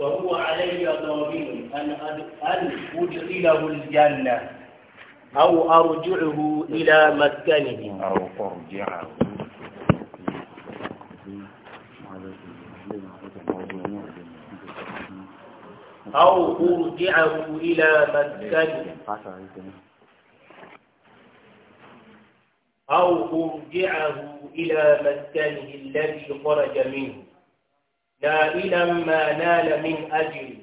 وهو علي ضامن أن أن أدخله الجنة أو أرجعه إلى مسكنه أو أرجعه أو أرجعه إلى مسكنه أو أرجعه إلى مسكنه الذي خرج منه سائلا ما نال من أجر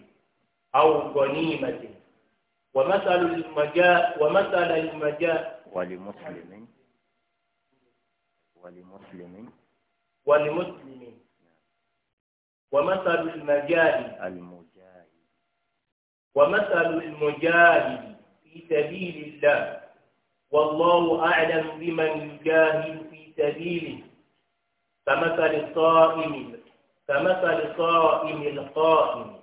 أو غنيمة ومثل المجاء ومثل المجاء ولمسلم ولمسلم ولمسلم ومثل المجاهد المجاهد ومثل المجاهد في سبيل الله والله أعلم بمن يجاهد في سبيله كمثل الصائم كمثل صائم القائم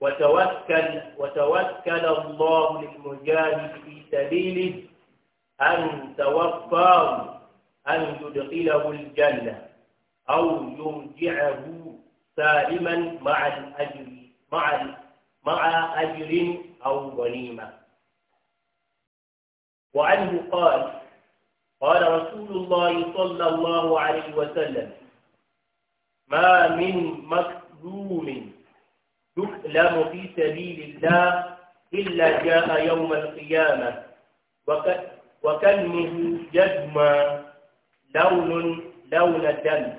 وتوكل وتوكل الله للمجاهد في سبيله أن توفاه أن يدخله الجنة أو يرجعه سالما مع الأجر مع مع أجر أو غنيمة وعنه قال قال رسول الله صلى الله عليه وسلم ما من مكذوم يؤلم في سبيل الله إلا جاء يوم القيامة وكلمه جدما لون لون الدم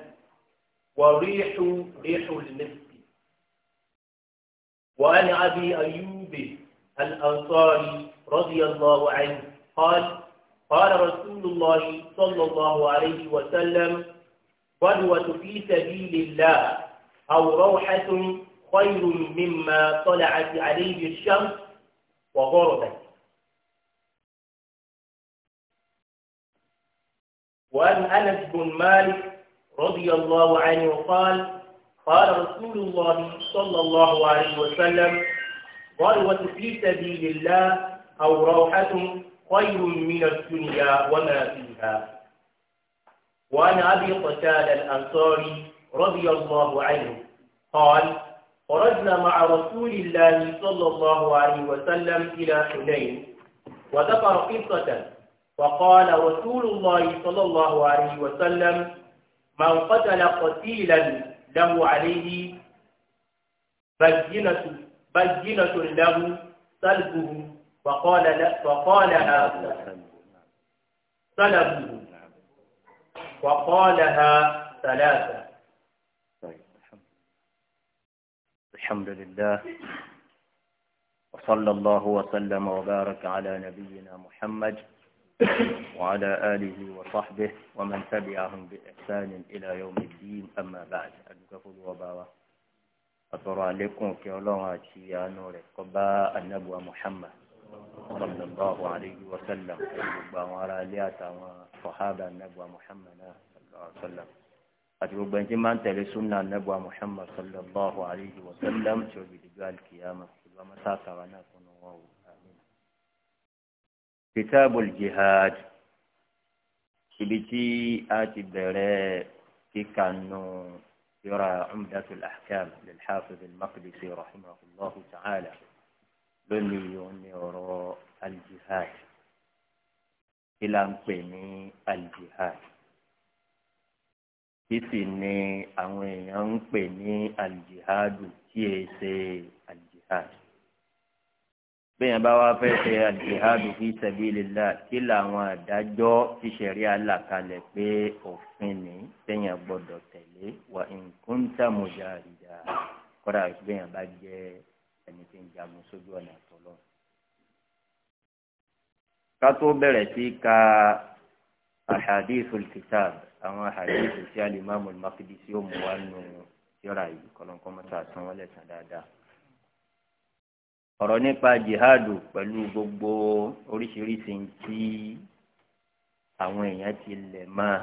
وريح ريح المسك وعن أبي أيوب الأنصاري رضي الله عنه قال قال رسول الله صلى الله عليه وسلم قدوة في سبيل الله أو روحة خير مما طلعت عليه الشمس وغربت وعن أنس بن مالك رضي الله عنه قال قال رسول الله صلى الله عليه وسلم غدوة في سبيل الله أو روحة خير من الدنيا وما فيها وعن أبي قتادة الأنصاري رضي الله عنه قال خرجنا مع رسول الله صلى الله عليه وسلم إلى حنين وذكر قصة وقال رسول الله صلى الله عليه وسلم من قتل قتيلا له عليه بينة بينة له سلبه فقال لا فقال هذا سلبه وقالها ثلاثة طيب الحمد لله وصلى الله وسلم وبارك على نبينا محمد وعلى آله وصحبه ومن تبعهم بإحسان إلى يوم الدين أما بعد أدكفوا وباوة أترى لكم كي الله نور ولكبا النبوة محمد صلى الله عليه وسلم وعلى آلياته وصحابة النبوة محمد صلى الله عليه وسلم أجرب أن جمع أنت لسنة النبوة محمد صلى الله عليه وسلم شعب دقال كيامة وما ساتة وناكن الله آمين كتاب الجهاد كبتي آتي بري في كانو يرى عمدة الأحكام للحافظ المقدسي رحمه الله تعالى lónìí òun ni ọ̀rọ̀ aljihad kí la ń pè ní aljihad kí sì ni àwọn èèyàn ń pè ní aljihadu tí e ṣe aljihad bẹ́ẹ̀ bá wá fẹ́ ṣe aljihadu fi sabilillah kí làwọn àdájọ́ tí ṣẹ̀ríà là kalẹ̀ pé òfin ni sẹ́yìn gbọ́dọ̀ tẹ̀lé wa in kunta mujahida kọ́dà bẹ́ẹ̀ bá jẹ́ ẹni tí ń jagun sójú ọ̀nà àtọ̀lọ́. ká tó bẹ̀rẹ̀ sí ka ahadithul kitab àwọn ahadithu tí alimami Maqdisi nù wọ́n dáadáa. ọ̀rọ̀ nípa jihadu pẹ̀lú gbogbo oríṣiríṣi tí àwọn èèyàn ti lẹ̀ máa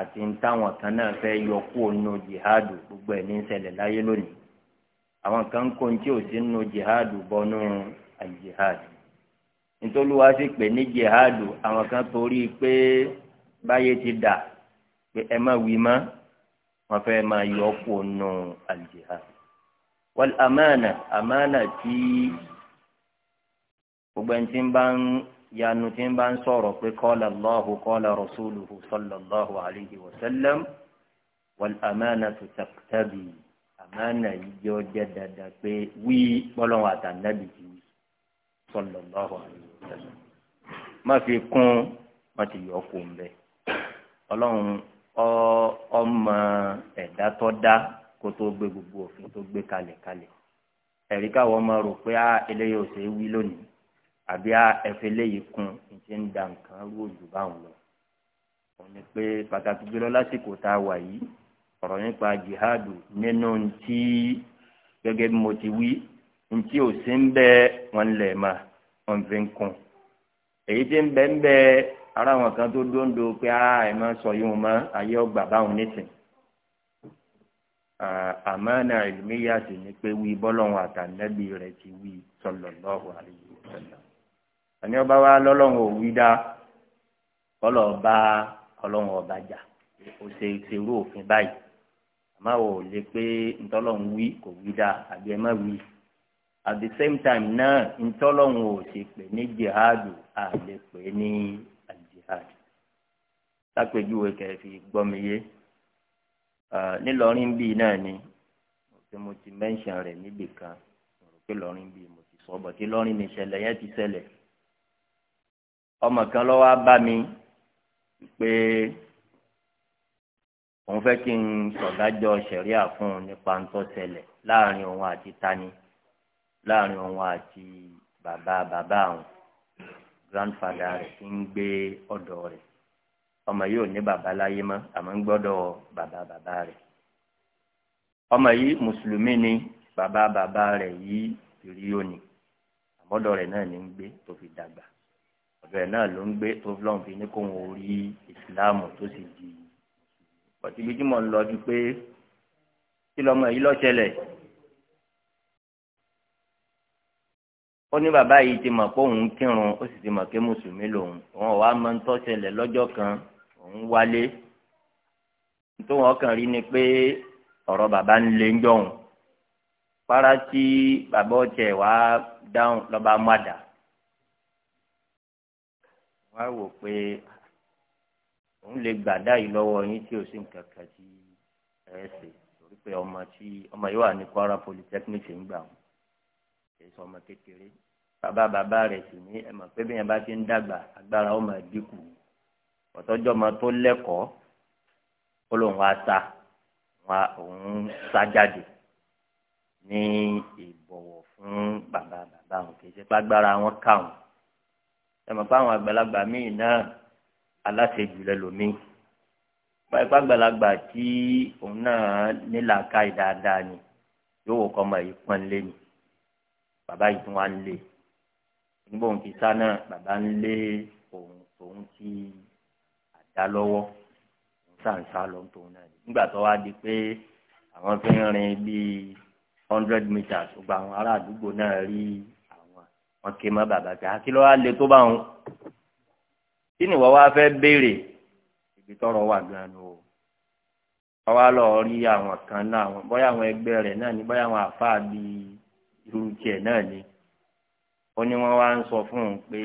àti táwọn kan náà fẹ́ jihadu gbogbo ẹ̀ ní ń ṣẹlẹ̀ àwọn kan kó ní tí ò sí nínú jihadu bọnú àjihadu nítorí wàá sì pè ní jihadu àwọn kan torí pé báyé ti dà pé ẹ má wí mọ́ wọn fẹ́ máa yọ kó nù àjihadu wal amánà amánà tí gbogbo ẹni tí ń bá ń yanu tí ń bá ń sọ̀rọ̀ pé qala Allahu qala rasuluhu sallallahu alayhi wa sallam wal amánà tó taqtabi àmàna yìí jẹ́ ọjẹ́ dáadáa pé wí bọ́lọ́wọ́ àtànábì ti wí sọlọ lọ́wọ́ àyẹ̀wò má fi kún má ti yọ kó ń bẹ ọlọ́run ọmọ ẹ̀dá tó dá kó tó gbé gbogbo òfin tó gbé kalẹ̀ kalẹ̀ ẹ̀rí káwọn ọmọ rò pé á ah, eléyìí ò ṣe é wí lónìí àbí á ah, ẹ̀fẹ́ léyìí kún ní ti ń da nǹkan rú òjò báwọn lọ òun ni pé pàtàkì jùlọ lásìkò tá a wà yìí ọ̀rọ̀ nípa jihadu nínú ntí gẹ́gẹ́ bí mo ti wí ntí ò sí ń bẹ́ wọn lẹ̀ ma wọn fi ń kún èyí tí ń bẹ́ ń bẹ́ ara wọn kan tó dóńdó pé a ẹ̀ máa sọ yóò mọ́ ayé ọgbà báwọn nísìn àmánà ìlúmíyà sì ni pé wí bọ́lọ́hún àtànẹ́bí rẹ̀ ti wí sallallahu alaihi wasallam àní ọba wa lọ́lọ́hún ò dá kọ́lọ̀ ọba ọlọ́hún ọba jà ó ṣe ṣerú òfin báyìí àmọ́ ò lè pé ntọ́lọ́hún wí kò wí dáa àbí ẹ má wí at the same time náà ntọ́lọ́hún ò ṣe pè ní jihadu à lè pè ní aljihad lápèjúwe kẹfì gbọ́miyé nílọrin bíi náà ni pé mo ti mẹ́ńṣàn rẹ̀ níbì kan mo rò pé lọ́rin bíi mo ti sọ bọ̀ tí lọ́rin ní ìṣẹ̀lẹ̀ yẹn ti ṣẹlẹ̀ ọmọ kan lọ́wọ́ á bá mi pé òun fẹ́ kí n sọ̀dájọ́ ṣẹ̀ríà fún un nípa ń tọ́ ṣẹlẹ̀ láàrin òun àti tani láàrin òun àti bàbá bàbá àwọn grandfada rẹ̀ ti ń gbé ọ̀dọ̀ rẹ̀ ọmọ yìí ò ní bàbá láyé mọ́ àmọ́ ń gbọ́dọ̀ bàbá bàbá rẹ̀ ọmọ yìí mùsùlùmí ni bàbá bàbá rẹ̀ yìí kìrìyó ni àmọ́dọ̀ rẹ̀ náà ní ń gbé tó fi dàgbà ọ̀dọ̀ rẹ̀ náà ló ń gbé tó fi lọ́n fi ní kóun orí ìsìláàmù tó sì di bọ̀tí ibi tí mò ń lọ ju pé kí lọ́mọ yìí ló ṣẹlẹ̀ ó ní bàbá yìí ti mọ̀ pé òun kírun ó sì ti mọ̀ pé mùsùlùmí lòun òun wàá máa ń tó ṣẹlẹ̀ lọ́jọ́ kan òun wálé tó wọn kàn rí ni pé ọ̀rọ̀ bàbá ń lé jọ̀hún para tí bàbá ọ̀tẹ̀ wá dáhùn lọ́ba mọ́dà wá wò pé òun lè gbàdá yìí lọ́wọ́ yín tí ò sí nǹkan kan tí ẹ ṣe torí pé ọmọ tí ọmọ yìí wà ní Kwara polytechnic ń gbà wọn kì í sọ ọmọ kékeré bàbá bàbá rẹ̀ sì ní ẹ mọ̀ pé bí yẹn bá ti ń dàgbà agbára ọmọ ìdínkù ọ̀tọ́jọ́ ọmọ tó lẹ́kọ̀ọ́ ó lóun wá sa òun sá jáde ní ìbọ̀wọ̀ fún bàbá bàbá wọn kì í ṣe pé agbára wọn kà wọn ẹ pé àwọn àgbàlagbà míì náà aláṣejù lẹ́lòmíì pàìpà gbàlagbà tí òun náà nílàáká dáadáa ni yóò wò kọ́ ọmọ yìí pọ́n lé ni bàbá yìí tún wá ń lé nígbà òun ti sá náà bàbá ń lé òun òun ti àdá lọ́wọ́ òun sàǹsà lọ́n tóun náà nígbà tó wá di pé àwọn tó ń rin bíi hundred meters gbogbo àwọn ará àdúgbò náà rí àwọn wọn ké mọ́ bàbá pé àkìlọ́ wa lè tó bá wọn kí ni wọ́n wá fẹ́ béèrè ibi tọrọ wà gan o wọ́n wá lọ rí àwọn kan náà bóyá àwọn ẹgbẹ́ rẹ̀ náà ni bóyá àwọn àfáà bíi irú tiẹ̀ náà ni ó ní wọ́n wá ń sọ fún un pé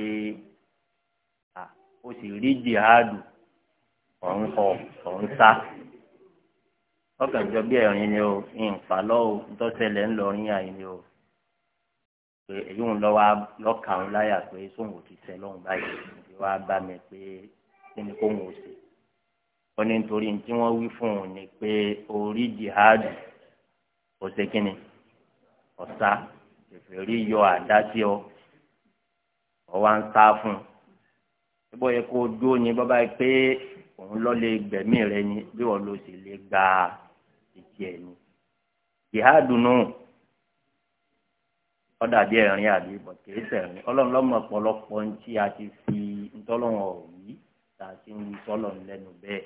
ó sì rí jihadu ọ̀hún họ ọ̀hún sá ọkàn bí ni o nǹkan lọ́wọ́ ntọ́sẹ̀lẹ̀ ńlọrin àyìn ni o èyí ń lọ́wọ́ lọ́kàn láyà pé sóun ò ti sẹ́ lọ́hùn wá bá mi pé kí ni kó ń wò sí ó ní nítorí tí wọ́n wí fún un ni pé orí jihadu ó ṣe kí ni ọ̀sá ìfèrí yọ àdá sí ọ ọ wá ń sá fún un bó yẹ kó dúró ni bàbá yìí pé òun lọ gbẹ̀mí rẹ ni bí wọ́n lọ sì lè gba ìtì ẹ̀ ni jihadu náà. ọ̀dà bí ẹ̀rín àbí bọ̀tẹ́ sẹ̀rín ọlọ́run lọ́mọ ń tí a ti fi ntọ́lọ́run ọ̀wí tá a ti ń wí sọ́lọ́run lẹ́nu bẹ́ẹ̀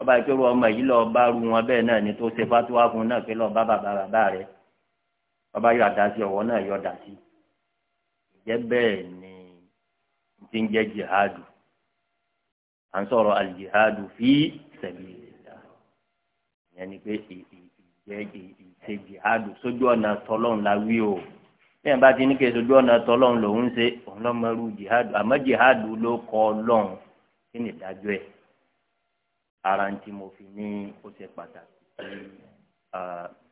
ọba ìkérò ọmọ yìí lọ bá ru wọn bẹ́ẹ̀ náà ni tó ṣe fatuwa fún náà pé lọ bá bàbá bàbá rẹ ọba yọ àdá sí ọwọ́ náà yọ àdá sí ìjẹ́ bẹ́ẹ̀ ni ti ń jẹ́ jihadu à ń sọ̀rọ̀ aljihadu fi sabilillah ìyẹn ni pé ìjẹ́ ìṣe jihadu sójú ọ̀nà tọ́lọ́run la wí o. bẹ́ẹ̀ bá ti ní kí sojú ọ̀nà tọ́lọ́run lòún ń ṣe òun lọ́ mọ jihadu àmọ́ jihadu ló kọ́ ọlọ́run kí ni ìdájọ́ ẹ̀ ara ń tí mo fi ní ó ṣe pàtàkì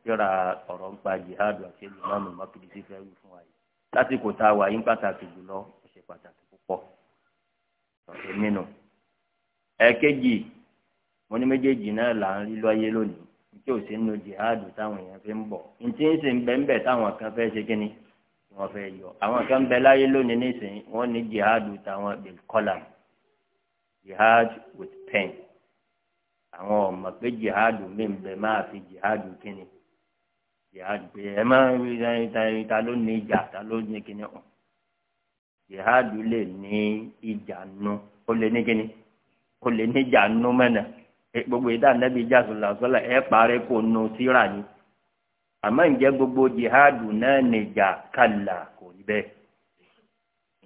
yọ̀rọ̀ ọ̀rọ̀ ń pa jihadu àti ìlúmọ̀mù mọ́kìdísí fẹ́ wí fún wa yìí lásìkò tá a wà yín pàtàkì jùlọ ó ṣe pàtàkì púpọ̀ ọ̀sẹ̀ nínú. ẹ̀ẹ̀kejì mo ní méjèèjì náà là ń rí lọ́yé lónìí tí ò sí nínú jihadu táwọn èèyàn fi ń bọ̀ ntí ń sìn bẹ́ẹ̀ bẹ́ẹ̀ táwọn kan fẹ́ ṣe kí wọ́n fẹ́ yọ àwọn kan bẹ láyé lónìí nísìnyí wọ́n ní jihad tàwọn bil qalam jihad with pen àwọn ọmọ pé jihad mi bẹ máa fi jihad kíni jihad pé ẹ má ta ló ní ìjà ta ló ní kíni ọ jihad lè ní ìjà nu ó lè ní kíni ó lè ní ìjà nu mẹ́nà gbogbo ìdá nẹ́bí ìjà sọ̀lá sọ́lá ẹ̀ parí kò nu síra ni àmọ́ ǹjẹ́ gbogbo jihadu náà nìjà kàlà kò rí bẹ́ẹ̀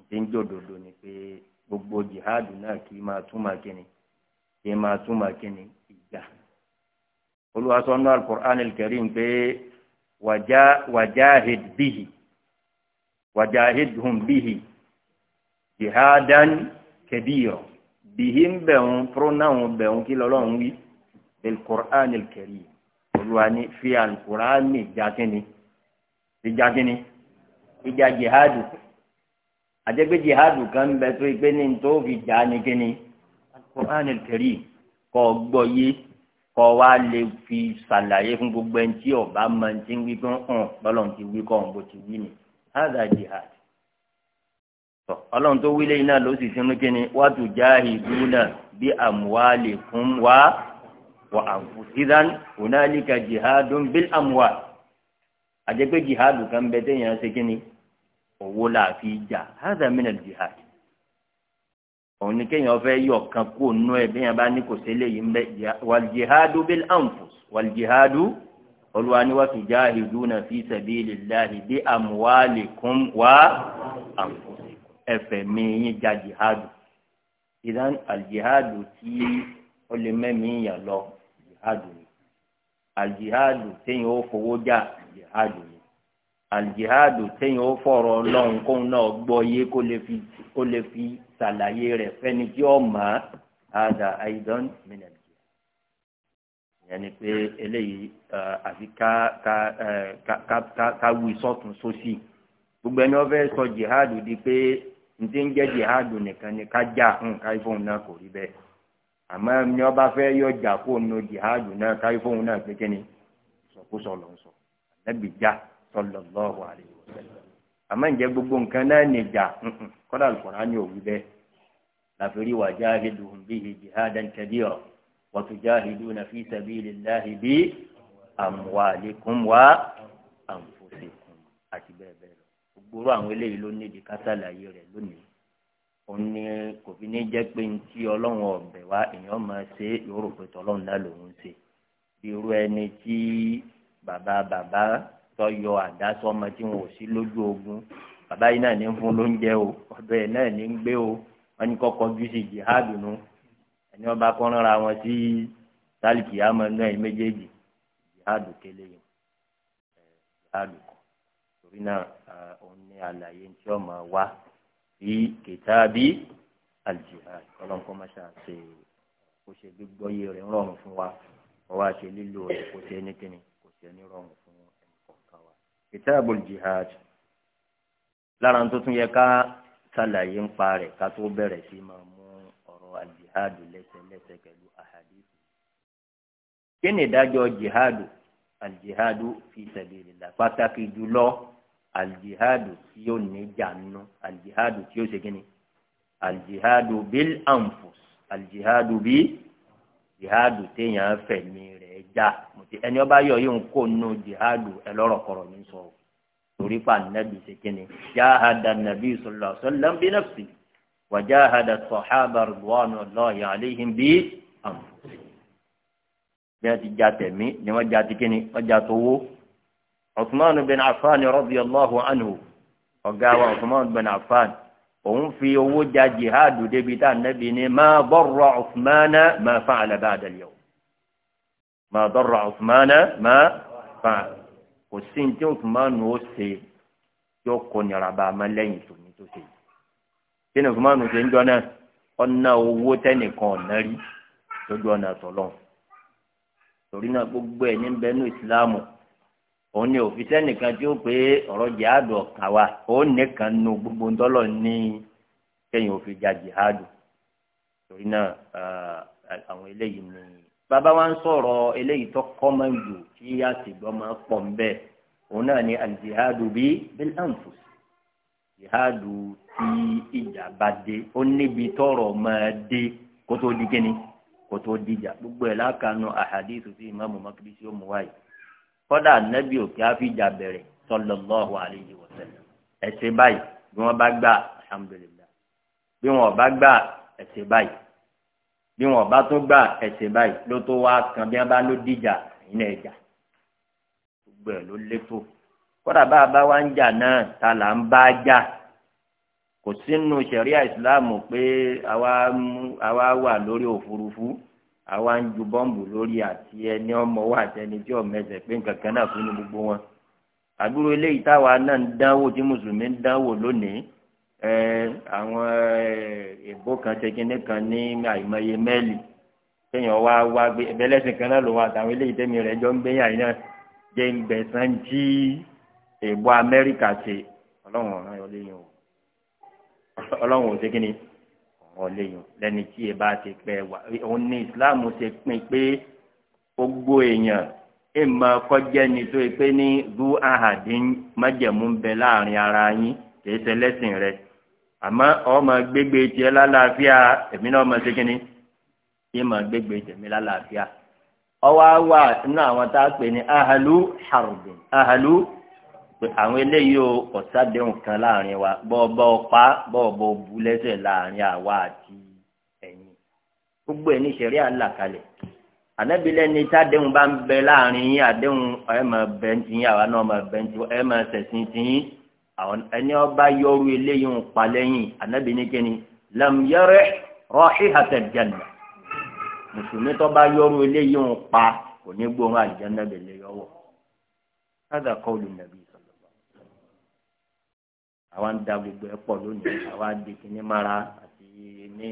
ǹjẹ́ ń jòdòdò ni pé gbogbo jihadu náà kì í máa túmọ̀ kíni kì í máa túmọ̀ kíni ìjà olùwàsánú alukur'an alkarim pé wàjáhid bihi wàjáhid hum bihi jihadan kẹbíyọ bihi ń bẹ̀rùn pronoun bẹ̀rùn kí lọ́lọ́run wí alukur'an alkarim olúwa ní fi alukurani jákínni fi jákínni ìjà jihadu àdẹ́gbẹ́ jihadu kan ń bẹ tó ìgbé ní tó fi jà ní kínní alukurani kiri kọ́ gbọ́ yé kọ́ wa lè fi ṣàlàyé fún gbogbo ẹni tí ọba máa ń ti hàn bọ́lọ̀ ti wí kọ́ bó ti wí ni hàdà jihad ọlọ́run tó wí lẹ́yìn náà ló sì sínú kínní wàá tù jáhìdúnà bí àmúwálè fún wa wa àǹfù idan hunalika jihadun bil amwal àjẹpé jihadu kan bẹ téèyàn ṣe kíni owó làáfi jà hadha min al jihad òun ni kéèyàn fẹ́ yọ kan kó nú ẹ bí yẹn bá ní kò sí eléyìí ń bẹ wal jihadu bil anfus wal jihadu olúwa ni wa tujahiduna fi sabilillahi bi amwalikum wa anfusikum ẹ̀fẹ̀ mi yín ja jihadu ìdán al jihadu tí ó lè lọ jihadu ni aljihadu téèyàn ó fowó já jihadu ni aljihadu téèyàn ó fọ̀rọ̀ ọlọ́run kóun náà gbọ́ yé kó lè fi kó lè fi ṣàlàyé rẹ̀ fẹ́ni tí ó mọ̀ á ada aidan minal jihad ìyẹn ni pé eléyìí àfi ká ká ká ká ká wí sọ́tún sósì gbogbo ẹni wọ́n fẹ́ sọ jihadu di pé n ti ń jẹ́ jihadu nìkan ni ká já nǹkan ìfowópamọ́ náà kò rí bẹ́ẹ̀ àmọ́ ẹni ọba fẹ́ yọjà kó nu jihadu náà káyọ fóun náà pé kíni sọkúsọ lọ sọ ànábì já sallallahu alaihi wasallam àmọ́ ǹjẹ́ gbogbo nǹkan náà nìjà kọ́dà Al-Qur'ani òwú bẹ́ẹ̀ láfẹ́rí wà jahiduhum bihi jihadan kabira wa tujahiduna fi sabilillahi bi amwalikum wa anfusikum àti bẹ́ẹ̀ bẹ́ẹ̀ lọ gbogbo àwọn eléyìí ló nídìí kásálà yìí rẹ̀ lónìí òun ni kò fi ní jẹ́ pé ntí ọlọ́run ọ̀bẹ wa èèyàn máa ṣe yóò pé tọ́lọ́run náà lòún ṣe irú ẹni tí bàbá bàbá àdá ogun bàbá yìí náà ní ń fún lóúnjẹ o ọ̀dọ̀ ẹ̀ náà ní o wọn ní kọ́kọ́ ju sí jihadu nu ẹni wọn bá kọ́ rárá wọn sí sálìkì àmọ́ méjèèjì jihadu kele yìí jihadu torí fi kìtàbí aljihad ọlọ́run kọ́ máa ṣàṣe kó ṣe gbígbọ́ iye rẹ̀ rọrùn fún wa wọ́n wá ṣe lílo rẹ̀ kó ṣe ẹnikẹ́ni kó ṣe ẹni rọrùn fún ẹnìkọ̀ọ̀kan wa. kìtàbù aljihad lára tó tún yẹ ká ṣàlàyé ń pa rẹ̀ ká tó bẹ̀rẹ̀ sí máa mú ọ̀rọ̀ aljihad lẹ́sẹ̀lẹ́sẹ̀ pẹ̀lú ahadith. kí ni ìdájọ́ jihad aljihad fi sabilillah pàtàkì jùlọ aljihadu tí yóò ní jànú aljihadu tí yóò ṣe kí ni aljihadu bil anfus aljihadu bi jihadu téèyàn fẹ̀mí rẹ̀ já mùtí ẹni ọba yọ yóò ń kó nù jihadu ẹlọ́rọ̀kọ̀rọ̀ ní sọ torí pa nàbì ṣe kí ni jahada nàbì sallallahu alaihi wasallam bi nafsi wa jahada sahaba ridwanullahi alaihim bi anfus bí wọ́n ti já tẹ̀mí ni wọ́n já ti kí ni já tó wó. Uthman bin Affan radiyallahu anhu ọ̀gá wa Uthman bin Affan òun fi owó ja jihadu débi tá ànábì ni ma darra Uthmana ma fa'ala ba'da al-yawm ma darra Uthmana ma fa'ala kò sí ní tí Uthman ó ṣe yóò kó nira bá a má lẹ́yìn tó ní tó ṣe kí ni Uthman ṣe ń jọ náà ọ̀nà owó tẹ́nìkan ọ̀nà rí lójú ọ̀nà àtọ̀lọ́ torí náà gbogbo ẹ̀ ní bẹ́ẹ̀ ní ìsìlámù. òun ni òfìsẹ́ nìkan tí ó pé ọ̀rọ̀ jihadu ọ̀kan wa òun nìkan nu gbogbo ńtọ́lọ̀ ní kẹ́yìn òfin ja jihadu torí náà àwọn eléyìí ni bàbá wa ń sọ̀rọ̀ eléyìí tó kọ́mọ jù kí a sì gbọ́ máa pọ̀ ń bẹ́ẹ̀ ni alijihadu bí anfus jihadu ti ìjà dé ó níbi tọrọ máa dé kó tó di kíni kó tó di gbogbo ẹ̀ lákàánú àhàdí ìtòsí ìmáàmù ó kọ́dà nẹ́bí òkè àfíjà bẹ̀rẹ̀ sallallahu alayhi wa sallam ẹ ṣe báyìí bí wọ́n bá gbà alhamdulillah bí wọ́n bá gbà ẹ ṣe báyìí bí wọ́n bá tún gbà ẹ ṣe báyìí ló tó wá kan bí wọ́n bá ló dìjà ìyẹn ẹ̀jà gbogbo ẹ̀ ló létò kọ́dà bá a bá wá ń jà náà ta là ń bá jà kò sínú ṣẹ̀ríà ìsìláàmù pé àwa wà lórí òfurufú àwa ń ju bọ́ǹbù lórí àti ẹni ọmọ wa àti ẹni tí ọmọ ẹsẹ̀ pé nǹkan kan náà fún ní gbogbo wọn àdúró eléyìí táwa náà ń dánwò tí mùsùlùmí ń dánwò lónìí ẹ àwọn èbó kan ṣẹkiní kan ní àìmọye mẹ́ẹ̀lì kéèyàn wá wá gbé ẹbẹ̀lẹ́sìn kan náà ló àtàwọn eléyìí tẹ́mi rẹ̀ jọ ń gbé yàrá náà jẹ́ ń gbẹ̀sán jí èbó amẹ́ríkà ṣe ọlọ́run ọ̀ràn ọlẹ́yìn o ọlọ́run ò ṣe kí àkọọ́lẹ̀ yìí lẹ́ni tí ẹ bá ti pẹ́ wà òun ní ìsìláàmù ṣe pin pé gbogbo èèyàn ìmọ̀ kọjá ni tó pé ní zu ahadin májẹ̀mú ń bẹ láàrin ara yín kì í ṣe lẹ́sìn rẹ àmọ́ ọmọ gbégbé tiẹ̀ lálàáfíà èmi náà ọmọ ṣe kínní ìmọ̀ gbégbé tèmi lálàáfíà ọwọ́ wa nínú àwọn tá a pè ní ahalu harbin ahalu harbin pé àwọn eléyìí o ọ̀sádéhùn kan láàrin wa bọ́ọ̀bọ́ ọ̀pá bọ́ọ̀bọ́ bu lẹ́sẹ̀ láàrin àwa àti ẹ̀yin gbogbo ẹ̀ ní ìṣẹ̀rí àlà kalẹ̀ ànábìlẹ̀ ni tádéhùn bá ń bẹ láàrin yín àdéhùn ẹ̀ máa bẹ̀ ń tiyín àwa náà máa bẹ̀ ń tiyín ẹ̀ máa ṣẹ̀sìn tiyín àwọn yọrù eléyìí ń pa lẹ́yìn ànábì ní kíni lam yẹrẹ rọ́ọ̀ṣì àtẹ̀jẹ̀nà mùsùlùmí tó bá yọrù eléyìí ń pa kò ní gbóhùn àlìjẹ́nà yọwọ́. hádà kọ́ọ̀lù nàbí àwa ń da gbogbo ẹ pọ̀ lónìí àwa ń di kíní mara àti ní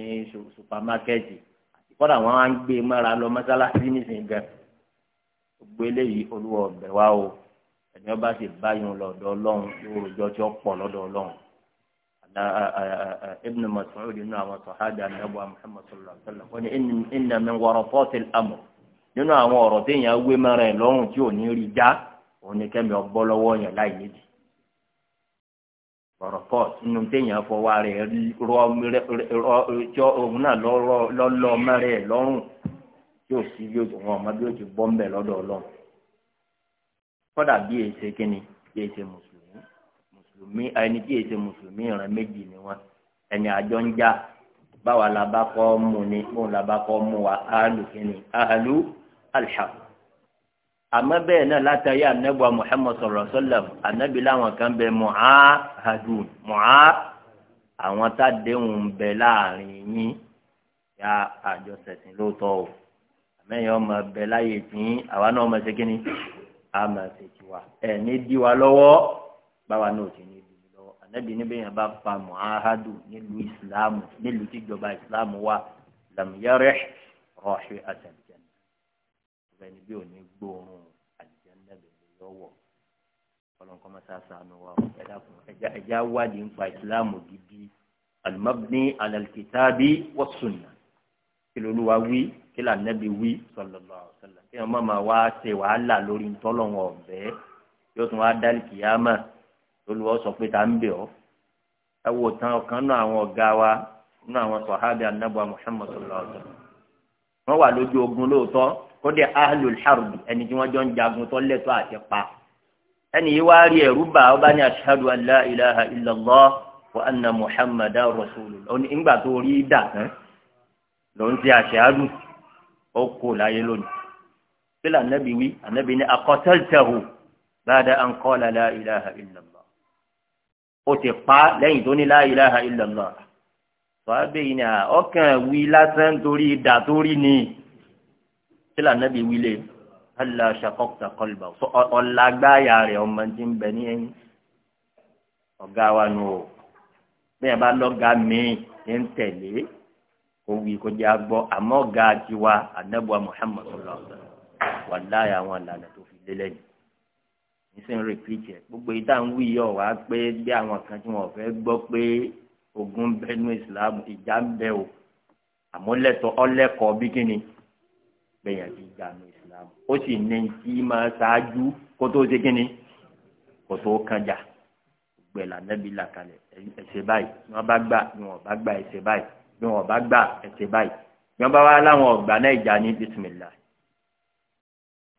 supamakẹ́ẹ̀tì àti kọ́dà wọn á ń gbé mara lọ mọ́sálásí nísìnyí gan gbogbo eléyìí olúwa ọ̀bẹ wa o ẹni ọba sì báyìí lọ́dọ̀ ọlọ́run yóò rojọ́ tí ó pọ̀ lọ́dọ̀ ọlọ́run ibn Mas'ud nínú àwọn sọ̀hádà nàbọ̀ Muhammad sallallahu alaihi wa sallam wọ́n ní inna min warafatil amr nínú àwọn ọ̀rọ̀ téèyàn wé mara ẹ̀ lọ́rùn tí ò ní rí já òun ni kẹ́mi ọgbọ́ lọ́wọ́ yẹn láì nídìí bọ̀rọ̀kọ̀ nínú téèyàn fọwọ́ rẹ̀ rọ tí òun náà lọ́lọ́ mẹ́rẹ̀ lọ́rùn tí ò sí bí òun ọmọ bí ó ti bọ́ mbẹ́ lọ́dọ̀ ọlọ́run kọ́dà bí èsè kínni bí èsè mùsùlùmí mùsùlùmí ẹni tí èsè mùsùlùmí ìran méjì ni wọn ẹni àjọ ń jà báwa la bá kọ́ mú ni bóun la bá kọ́ mú wa áhàlù kínni áhàlù alhàlù àmọ́ bẹ́ẹ̀ náà látàrí anábìwa muhammad sọ̀rọ̀ sọ́lẹ̀m anábì láwọn kan bẹ mọ̀á hadùn mọ̀á àwọn tàdéhùn bẹ láàrin yín ya àjọṣẹ̀sìn lóòótọ́ o àmẹ́yìn ọmọ bẹ láyè tí àwa náà ọmọ ṣe kí ni a máa ṣe ti wa ẹ̀ ní dí wa lọ́wọ́ báwa náà ti ní dùn lọ́wọ́ anábì níbẹ̀ yẹn bá pa mọ̀á hadùn nílùú ìsìlámù nílùú tíjọba ìsìlámù wa làmúyẹ́rẹ́ rọ̀ṣẹ́ àtẹ̀lẹ́ bẹ́ẹ̀ni bí òní gbóòórùn àlìjáná bẹ̀rẹ̀ yọ̀wọ̀ ọlọ́run kọ́ mọ́sá sànù wa ẹ dákun ẹja wádìí ń pa ìsìláàmù gidi alimabni alalkitabi wasunna kí ló lùwà wí kí là nẹ́bi wí sọlọ́lọ́ sọlọ́ kí wọ́n máa wá ṣe wàhálà lórí ntọ́lọ́wọ̀n ọ̀bẹ yóò tún wá dálì kìyàmà lọ́lùwọ́ sọ pé ta ń bẹ̀ ọ́ ẹ wò tán ọ̀kan náà àwọn ọ̀gá wa nínú àwọn sọ̀hábì anábọ̀ Muhammad sọlọ́ sọlọ́ wà lójú ogun lóòótọ́ kódé ahlul harbi ẹni tí wọ́n jọ ń jagun tó lẹ́tọ́ àti pa ẹni yìí wá rí ẹ̀rú bá ọba ní ashhadu an la ilaha illallah wa anna muhammadu rasulullah ọ ní ìgbà tó rí dà tán ló ń ti ashhadu ó kò láyé lónìí kí lè anabi wí anabi ní aqataltahu ba'da an la ilaha illallah ó ti pa lẹ́yìn tó ní la ilaha illallah sọ abẹ́yìn ni ah, ọkàn wí lásán torí dà torí ni sílà nàbí wílé ala ṣàkóso kọlbà ọ̀làgbáyà rẹ̀ ọmọ tí ń bẹ ní ẹ̀yìn ọ̀gá wa nù o bẹ́ẹ̀ bá lọ́gàá míì ní ń tẹ̀lé òwì kò jẹ́ agbọ́ àmọ́ ọ̀gá tiwa anábùwà Muhammad sọlá ọ̀sán wàláyà àwọn àlànà tó fi lélẹ̀ ni nísìnyí rìpíìtì ẹ̀ gbogbo ìta ń wí yọ̀ wá pé bí àwọn kan tí wọ́n fẹ́ gbọ́ pé ogun bẹnu Islam ìjà ń bẹ o àmọ́ lẹ́tọ̀ ọlẹ́kọ̀ọ́ bí kíni bẹ́yàn ti gba ní islam ó sì ní tí máa ṣáájú kó tó ṣe kínní kó tó kànjà gbẹ lànàbí là kalẹ̀ ẹsẹ̀ báyìí ni wọ́n bá gbà ni wọ́n bá gbà ẹsẹ̀ báyìí ni wọ́n bá gbà ẹsẹ̀ báyìí ni wọ́n bá wá láwọn ọ̀gbà náà ìjà ní bisimilá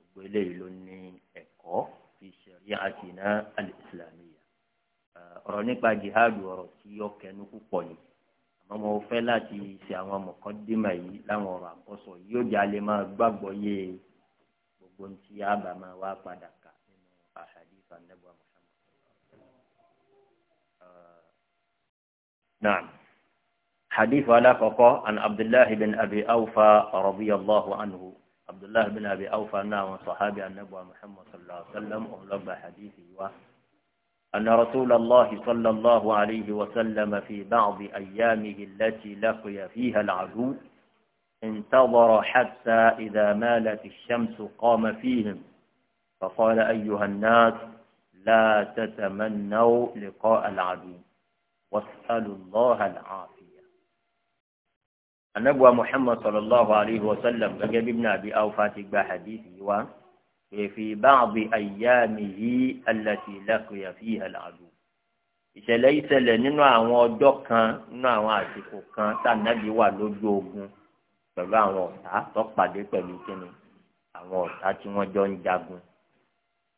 gbogbo eléyìí ló ní ẹ̀kọ́ fi ṣẹ̀rí àtìná alẹ́ ìsìlámù yìí ọ̀rọ̀ nípa jihad ọ̀rọ̀ tí ọkẹ́nu púpọ̀ yìí àmọ́ mo fẹ́ láti ṣe àwọn ọmọkan dìmọ̀ yìí láwọn ọ̀rọ̀ àkọ́sọ yóò jẹ́ alẹ́ máa gbàgbọ́ yé gbogbo ní ti àbá máa wá padà kà nínú àhàdí ìfànẹ́bọ̀ Muhammad. naam hadith alakoko an abdullahi bin abi awfa radiyallahu anhu abdullahi bin abi awfa náà wọn sọ̀hábì anabu muhammad sallallahu alayhi wa sallam ọ̀hún lọ́gbà hadith yìí wá. أن رسول الله صلى الله عليه وسلم في بعض أيامه التي لقي فيها العدو انتظر حتى إذا مالت الشمس قام فيهم فقال أيها الناس لا تتمنوا لقاء العدو واسألوا الله العافية النبوة محمد صلى الله عليه وسلم قال ابن أبي أوفاتك بحديثه fi báàbí àyàmì yìí alàtì lákòyà fi àlàdù ìṣẹ̀lẹ̀ yìí ṣẹlẹ̀ nínú àwọn ọjọ́ kan nínú àwọn àsìkò kan tànàbí wà lójú ogun pẹ̀lú àwọn ọ̀tá tó pàdé pẹ̀lú kíni àwọn ọ̀tá tí wọ́n jọ ń jagun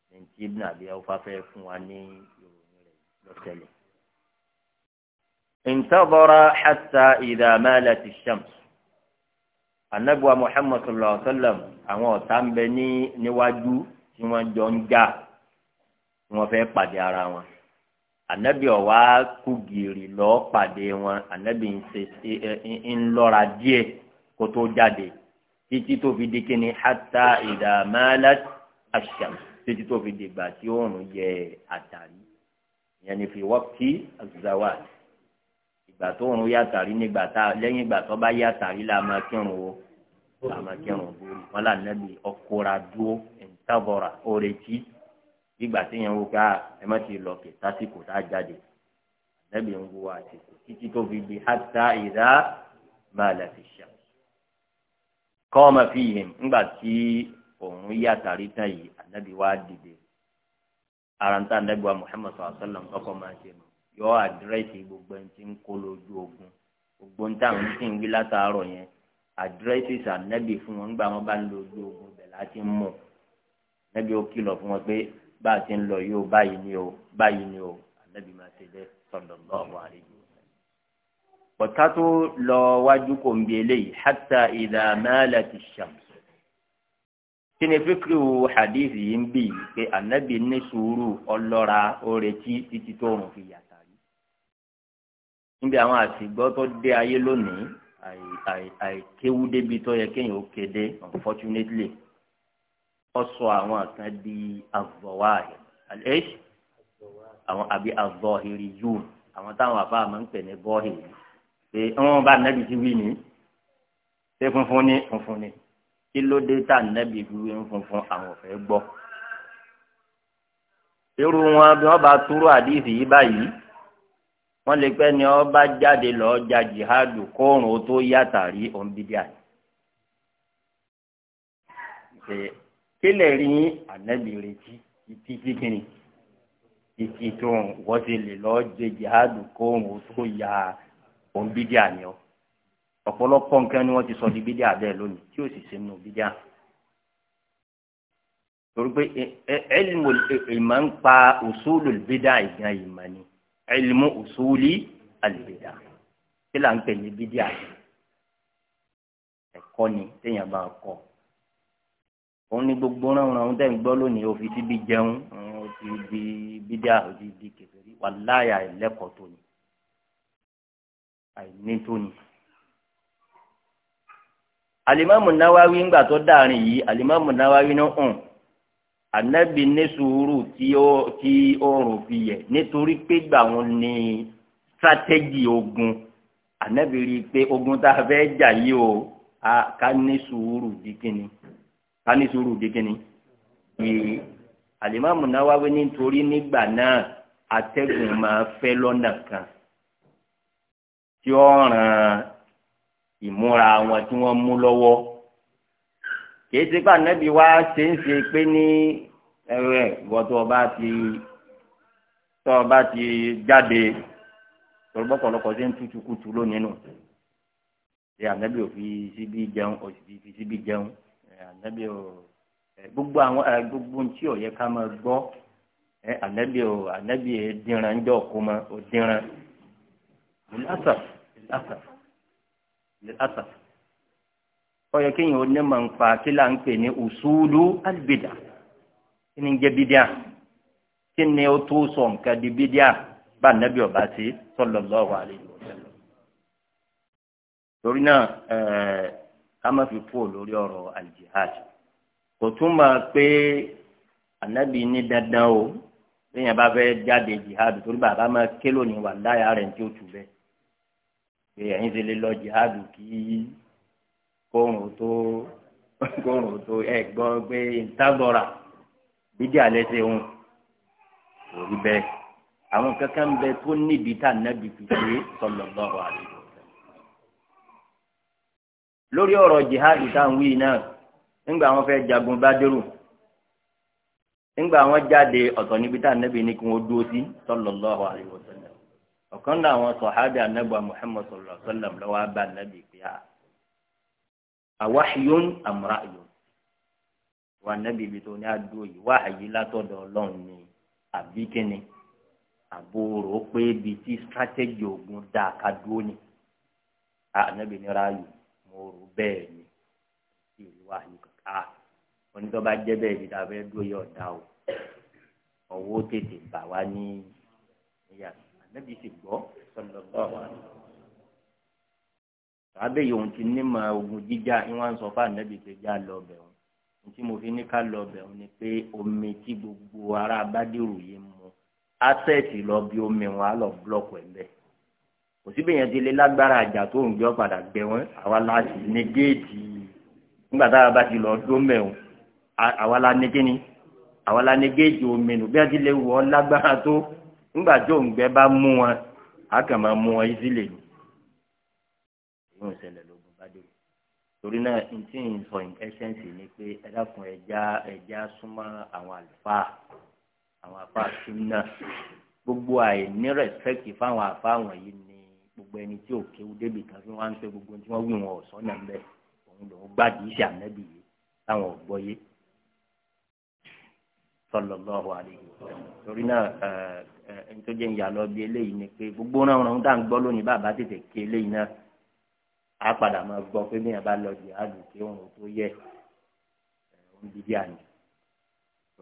nǹkan ibùdó àbí ọfà fẹ́ fún wa ní ìròyìn rẹ̀ lọ́sẹ̀lẹ̀. ìǹtọ́bọ̀rọ̀ hatta ìdààmú alàtì shams anabiwa muhammad sallallahu alaihi wa sallam àwọn ọ̀tá ń bẹ ní níwájú tí wọ́n jọ ń jà tí wọ́n fẹ́ pàdé ara wọn anabi ọ̀wá kú gìrì lọ pàdé wọn anabi ń ṣe ń lọ́ra díẹ̀ kó tó jáde títí tó fi di kíni hatta idha malat títí tó fi di gbà tí oòrùn yẹ àtàrí ìyẹn ni fi waqti az gbà tó òrùn yàtàrí nígbà tá lẹ́yìn ìgbà tó bá yàtàrí la máa kírun o la máa kírun bóri wọn là nẹ́bi ọkọra dúró ìtàbọ̀ra òrètí ìgbà tí yẹn ń wo ká ẹ má ti lọ kè tásìkò tá a jáde nẹ́bi ń wo àsìkò títí tó fi di hàtà ìdá máa lè fi ṣe kọ́ ọmọ fi yìí ńgbà tí òun yàtàrí tán yìí ànábi wá dìde ara ń wa Muhammad wa sallam ọkọ̀ máa ṣe nù yọ àdírẹ́sì gbogbo ẹni tí ń kó lójú ogun gbogbo ń táwọn tí ń wí látàárọ̀ yẹn àdírẹ́sì sànẹ́bì fún wọn nígbà wọn bá ń lo ojú ogun bẹ̀ láti mọ̀ nẹ́bí ó kìlọ̀ fún wọn pé bá a ti ń lọ yóò báyìí ni o báyìí ni o ànẹ́bì máa ṣe bẹ́ẹ̀ sọ̀dọ̀ lọ́wọ́ àlejò bọ̀tá tó lọ wájú kò ń bi eléyìí hátà ìdá mẹ́lẹ̀ ti ṣàmù kíni fíkiri wo hadithi yìí ń bì pé ànábì ní sùúrù ọlọ́ra ó retí títí tó rùn fi yàtọ̀ níbi àwọn àtìgbọ́ tó dé ayé lónìí àìkéwú débi tó yẹ kéèyàn ó kéde unfortunately wọ́n sọ àwọn kan di avọ́wáyé àlẹ́ṣ àwọn àbí avọ́hìrì yóò àwọn táwọn àbá máa ń pè ní bọ́hìrì pé wọ́n bá nẹ́bi ti wí ni ṣé funfun ni funfun ni kí ló dé tá nẹ́bi fi wí funfun àwọn ò gbọ́ irú wọn bí wọ́n bá túrú àdìsí yìí báyìí wọ́n lè pẹ́ ni ọ bá jáde lọ́ọ́ ja jihadu kóòrùn ó tó yàtàrí òǹbídíà ṣe kílẹ̀ rí ànábì retí títí sí kìnnì títí tó ń wọ́n lè lọ́ọ́ jẹ jihadu kóòrùn ó tó ya òǹbídíà ni ọ ọ̀pọ̀lọpọ̀ nǹkan ni wọ́n ti sọ di bídíà bẹ́ẹ̀ lónìí tí ó sì ṣe nù bídíà torí pé ẹ̀ ẹ̀ ẹ̀ ìmọ̀ ń pa usulul bídíà ìgbà ìmọ̀ ni ilmu usuli alibida kí là ń pè ní bídíà ẹ̀kọ́ ni téèyàn bá kọ́ òun ni gbogbo ránran tẹ̀ ń gbọ́ lónìí ó fi síbi jẹun ó fi di bídíà ó fi di kẹfẹ́rí wàláyà ẹ̀lẹ́kọ̀ọ́ tó ni àìní tó ni alimami nawawi ńgbà tó dáa rìn yìí alimami nawawi náà hàn anabi ní sùúrù tí ó tí oòrùn fi yẹ nítorí pé gbà wọn ní strategy ogun anabi rí i pé ogun tá a fẹ́ jà yìí o a ká ní sùúrù di kíni ká ní sùúrù di kíni yìí alimami Nawawi nítorí nígbà náà atẹ́gùn máa fẹ́ lọ́nà kan tí ó ràn ìmúra wọn tí wọ́n mú lọ́wọ́ kìí ti pa nẹ́bí wa ṣe ń ṣe pé ní ẹ̀rẹ̀ bọ́tọ̀ ọba ti tọ́ ọba ti jáde tọ́lọ́pọ̀lọpọ̀ ṣe ń tútù kùtù lónìí nù ṣe ànẹ́bí ò fi síbi jẹun ò sì fi síbi jẹun ànẹ́bí ò gbogbo àwọn gbogbo tí ò yẹ ká máa gbọ́ ànẹ́bí ò ànẹ́bí ò dínran ńjọ́ kó mọ́ ò dínran lásà lásà lásà ọyọ kéèyàn onímọ̀ ń pa kí là ń pè ní usulu albida kí ni jẹ́ bídíà kí ni ó tó sọ nǹkan di bídíà bá nàbí ọba sí sallallahu alaihi wasallam. torí náà eh, ká má fi kú lórí ọ̀rọ̀ aljihad kò tún máa pé ànábì ní dandan o lẹ́yìn bá fẹ́ jáde jihad torí bàbá máa ké lónìí wà láyà rẹ̀ tí ó tù bẹ́ẹ̀ pé ẹ̀yin ti lè lọ jihad kí. kóòrùn tó kóòrùn tó ẹ gbọ́ pé ìtagbọ́ra bídí alẹ́ ṣe ń rí bẹ́ẹ̀ àwọn kankan ń bẹ tó níbi tá nábì fi ṣe sallallahu alaihi wasallam. lórí ọ̀rọ̀ táwọn wí náà wọn fẹ́ jagun Bádírù nígbà wọn jáde ọ̀tọ̀ níbi tá nábì ní kí wọ́n dúró Muhammad sallallahu alaihi lọ́wọ́ nábì a. àwáhìyón àmúráyò wà nábì ibi tó ní àdúró yìí wáhàyí látọ̀dọ̀ ọlọ́run ni àbí kíni àbúrò pé ibi tí strategy ogun dá a ká dúró ni ànábì ní ráàyò mo rò bẹ́ẹ̀ ni kí ìlú wáhàyí kankan onítọ́ba jẹ́ bẹ́ẹ̀ ibi tá a fẹ́ dúró yọ̀ dá o ọwọ́ tètè bà wá ní ìyá ànábì sì gbọ́ sọlọ́gbọ́n wa sàbẹ̀ yòówù ti nímọ̀ ogun jíjà ìwọ̀n sọ fún ànábì pé já lọ bẹ̀ wọn tí mo fi ní ká lọ bẹ̀ wọn ni pé omi tí gbogbo ará abádìrú yìí mu asẹ́ẹ̀tì lọ bí omi wọn á lọ búlọ̀kù ẹ̀ bẹ́ẹ̀ kò síbẹ̀ yẹn ti lé lágbára àjà tó ń gbé padà gbẹ wọn àwa la sì ní géètì nígbà tá a bá ti lọ dó mẹ́wọn àwa la ní kíni àwa la ní géètì omi nù bí a ti lè wọ lágbára tó nígbà tó ń gbẹ bá mú wọn a kàn máa mú wọn yìí sílẹ̀ ni yóò ṣẹlẹ̀ lógun bá dé torí náà n tí n sọ in essence ni pé ẹ dákun ẹja ẹja súnmọ́ àwọn àlùfáà àwọn àfa súnmọ́ gbogbo àìní respect fáwọn àfa wọ̀nyí ni gbogbo ẹni tí ò kéwu débi kan fi wọn ń pẹ gbogbo tí wọn wí wọn ọsọ náà ń bẹ òun lòún gbádìí ìṣe ànábì yìí táwọn ò gbọ́ yé sallallahu alaihi wasallam torí náà ẹ ẹ ntọ́jẹ́ ìyàlọ́ bí eléyìí ni pé gbogbo náà wọn ń dá ń gbọ́ lónìí bàbá tètè ké eléyìí náà á padà máa gbọ́ pé bí yẹn bá lọ jihad kí òun tó yẹ òun dídí àná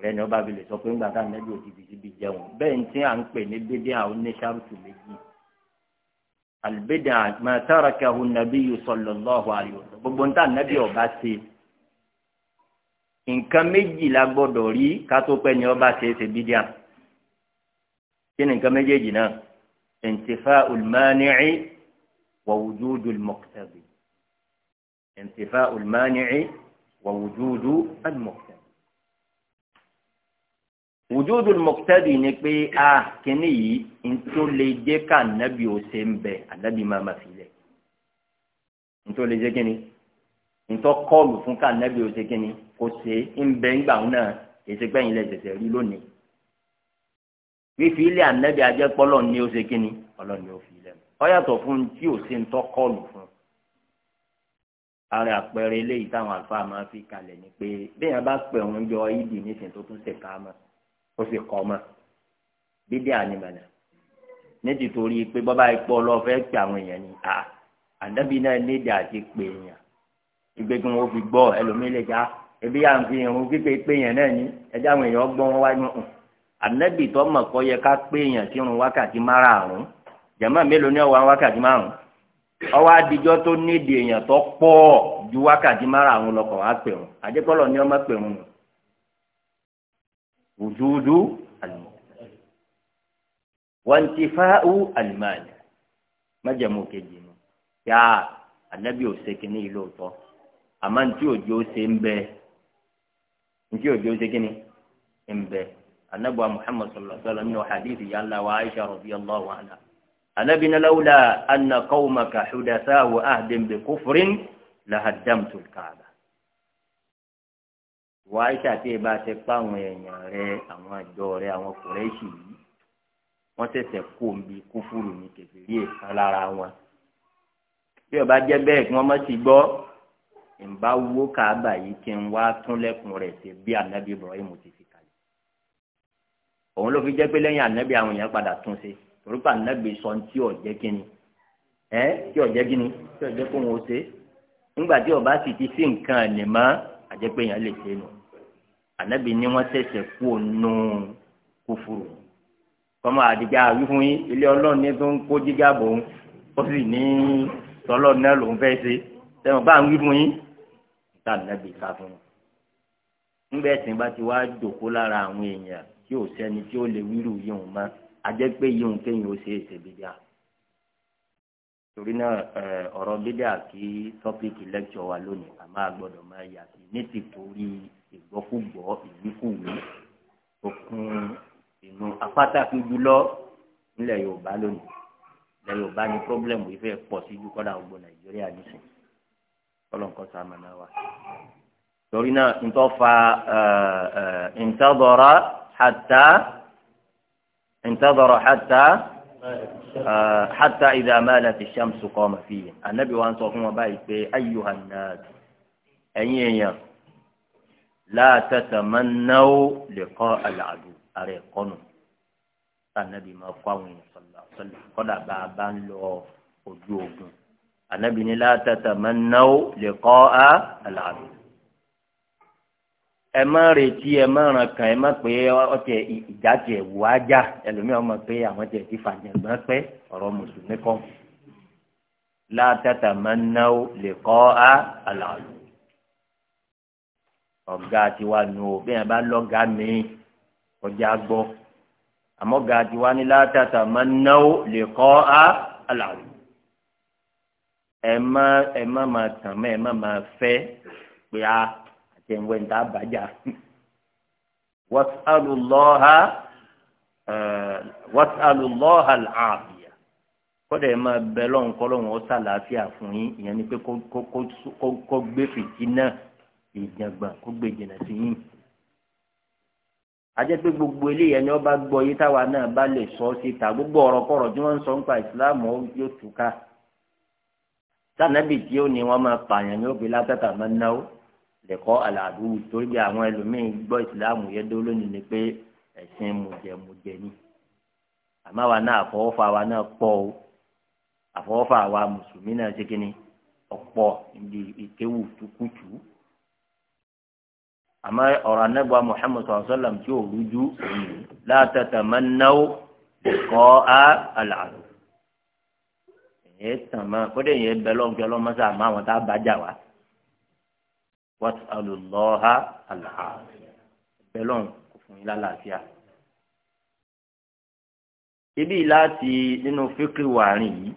rẹ ni ọba abilẹ sọ pé ńgbà tá nẹbi òdìbí síbi jẹun bẹ́ẹ̀ ní tí à ń pè ní bídíà oníṣàrùtù méjì àlùbídà ma tarakahu nabiyyu sallallahu alaihi gbogbo ń tà ọba ṣe nǹkan méjì la rí kátó pẹ ní ọba ṣe é ṣe bídíà kí ni nǹkan méjèèjì náà intifa'ul mani'i ووجود المقتضي انتفاء المانع ووجود المقتضي وجود المقتضي ni pé a kíní yìí ntó lè jẹ́ ká ànábì ó ṣe ń bẹ ànábì máa ma fi lẹ̀ ntó lè jẹ́ kíní ntó kọ́ọ̀lù fún ká ànábì ó ṣe kíní kó ṣe ń bẹ ńgbà náà èsì gbẹ̀yìn lẹ̀ ṣẹ̀ṣẹ̀ rí lónìí fífi ilé ànábì ajẹ́pọ́lọ́ ni ó ṣe kíní ọlọ́ni ó fi lẹ̀ mọ́ ọyàtọ̀ fún tí ò sí ntọ́ kọlù fún ara àpẹẹrẹ eléyìí táwọn àlùfáà máa fi kalẹ̀ ni pé bẹ́ẹ̀ bá pẹ̀ òun yọ ìdí nísìnyí tó tún ṣèkà mọ́ ó sì kọ́ mọ́ bídí ànímọ̀nà níbi torí pé bọ́bá ipò ọlọ́fẹ́ pé àwọn èèyàn ni a ànábì náà nídìí àti pé èèyàn ìgbégun wọn fi gbọ́ ẹlòmílẹ̀já ebi yà ń fi irun pípé pé èèyàn náà ni ẹjẹ́ àwọn èèyàn gbọ́ wọn wáyé hàn ànábì tó mọ̀ kọ́ yẹ ká pé èèyàn sírun wákàtí márààrún jama mélòó ni ọwọ àwọn wákàtí márùn ọwọ adijọ tó nídìí èèyàn tó pọ̀ ju wákàtí márùn àwọn lọkọ wá pè wọn àdékọlọ ni ọmọ pè wọn wùdúwùdú àlùmọ wọn ti fa ú àlùmáàlì májàmú kejì ni yá ànábì òsè kínní yìí lóòótọ́ àmọ́ ntí òjò ṣe ń bẹ ntí òjò ṣe kínní ń bẹ ànábì muhammadu sallallahu alaihi wa sallam nínú hadith yàrá wa aisha radiyallahu anha anabi ní lawla anna qawmaka hudathawu ahdin bi kufrin lahadamtu kaaba. wà á ṣàtì ìbá ti pa àwọn èèyàn rẹ àwọn àjọ rẹ àwọn kùrẹ́ṣì yìí wọ́n ṣẹ̀ṣẹ̀ kó ń bi kúfúrú ní kẹfìrí èèkan lára wọn. bí ó bá jẹ́ bẹ́ẹ̀ kí wọ́n má ti gbọ́ ìbá wó kaaba yìí kí n wá túnlẹ̀kùn rẹ̀ ṣe bí anabi ibrahim ti fi kalẹ̀. òun ló fi jẹ́ pé lẹ́yìn anabi àwọn èèyàn padà tún ṣe orúkọ ànágbè sọ tí ọ̀jẹ́ kínni ẹ tí ọ̀jẹ́ kínni tí ọ̀jẹ́ kó wọn ó ṣe nígbà tí ọba sì ti sí nǹkan ẹ̀nì mọ́ àjẹpé yẹn lè ṣe nù ànágbè ni wọ́n ṣẹ̀ṣẹ̀ kú ònú kúfùrù kọ́mọ àdìgá wí fún yín ilé ọlọ́run ní tó ń kó dígá bò ń ó sì ní tọ́lọ́run náà lòún fẹ́ ṣe sẹ́wọ̀n bá ń wí yín níta ànágbè sá fún un nígbà ẹ̀sìn bá ti wá jòkó lára àwọn èèyàn tí ò sẹ́ni tí ó lè wírù yìí òun máa àjẹ́ pé yíyún kéyìn ó ṣe é ṣe bídíà torí náà ọ̀rọ̀ bídíà kí tọ́pìkì lẹ́kṣọ̀ wa lónìí a máa gbọ́dọ̀ máa yà sí ní ti torí ìgbọ́kúgbọ́ ìwíkúwí okun inú apátákì jùlọ nílẹ̀ Yorùbá lónìí ilẹ̀ Yorùbá ni pọ́blẹ́mù yìí fẹ́ pọ̀ sí ju kọ́dà gbogbo Nàìjíríà nìsín kọ́lọ́nkọ́ sàmánà wa torí náà ntọ́ fa ntọ́ bọ̀rọ̀ hàtà. انتظر حتى حتى إذا مالت الشمس قام فيه النبي وان صوفهم بايك أيها الناس أيها لا تتمنوا لقاء العدو أريقون النبي ما قاوم صلى الله عليه وسلم قد بابان له النبي لا تتمنوا لقاء العدو ẹ má retí ẹ má ràn kàn ẹ má pé ọtẹ ìjà tiẹ wù á já ẹlòmíì ọmọ pé àwọn tiẹ ti fàjẹgbọn pé ọ̀rọ̀ mùsùlùmí kọ látàtà máa ń náwó lè kọ́ á àlàlù ọ̀gá tiwa nù ó bí wọn bá lọ́gàá mi ọjà gbọ́ àmọ́ ọ̀gá tiwa ní látàtà máa ń náwó lè kọ́ á àlàlù ẹ má ẹ má máa tàn mọ́ ẹ má máa fẹ́ pé a ṣe ń wẹ̀ ń tá a bàjá wasalulọ́ha wasalulọ́ha làbíyà kódà ẹ máa bẹ lọ́hùn kọ́lọ́hùn ó sàlàáfíà fún yín ìyẹn ni pé kó gbé fìtínà ìjàngbọ̀n kó gbé jìnnà sí yín ajẹ́ pé gbogbo eléyìí ẹni ọba gbọ́ yìí táwa náà bá lè sọ síta gbogbo ọ̀rọ̀ kọ̀rọ̀ tí wọ́n ń sọ nípa ìsìláàmù yóò túká sànẹ́bì tí ó ní wọ́n máa pààyàn ní òbí látàtà máa náwó lẹ́kọ́ àlàdú torí bí àwọn ẹlòmíín gbọ́ ìsìláàmù yẹn dó lónìí ni pé ẹ̀sìn mùjẹ̀mùjẹ̀ ni àmọ́ àwa náà àfọwọ́fà wa náà pọ̀ o àfọwọ́fà wa mùsùlùmí náà ṣe kínní ọ̀pọ̀ ibi ìkéwù tukutu àmọ́ ọ̀rọ̀ anẹ́gbà Muhammad sọ̀rọ̀sọ́làm tí ò rújú la tatamannaw liqa'a àlàdú èyí tàn mọ́ kódé yẹn bẹ́ẹ̀ lọ́nkẹ́ ọlọ́mọ́sá àmọ́ àwọn tá a bá jà wá wàtálùlọ́ha àlàá bẹ́lọ̀n kò fún yín lálàáfíà. ibi láti nínú fíkì wàárín yìí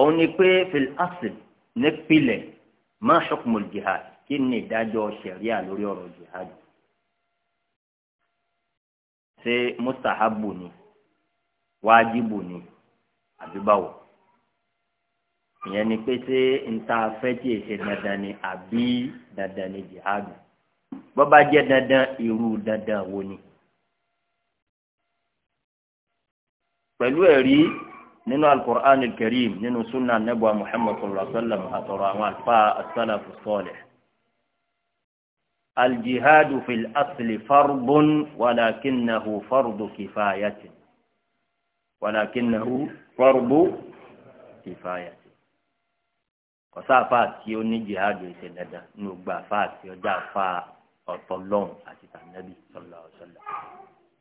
òun ni pé fil asil nípìlẹ̀ máa hukmul jihad kí ni ìdájọ́ ṣẹ̀ríà lórí ọ̀rọ̀ jihad. ṣé mustahabu ni wájibu ni àbí ìyẹn ni pé ṣé n ta fẹ́ tí èsè dandan ni àbí dandan ni jihadu bó bá jẹ́ dandan irú dandan wo ni. pẹ̀lú ẹ̀rí nínú alukur'an karim nínú sunna nebua muhammad sallallahu alaihi wa sallam àtọ̀rọ̀ àwọn alfa asalafu sọ́ọ̀lẹ̀. aljihadu fil asli farbun walakinahu fardu kifayatin walakinahu fardu kifayatin kọsá àfáà tí ó ní jihadu ìṣe dandan ní gbogbo àfáà tí ọjà àfáà ọ̀tọ̀ lọ́hùn àti tànàbí sọlá ọ̀sọlá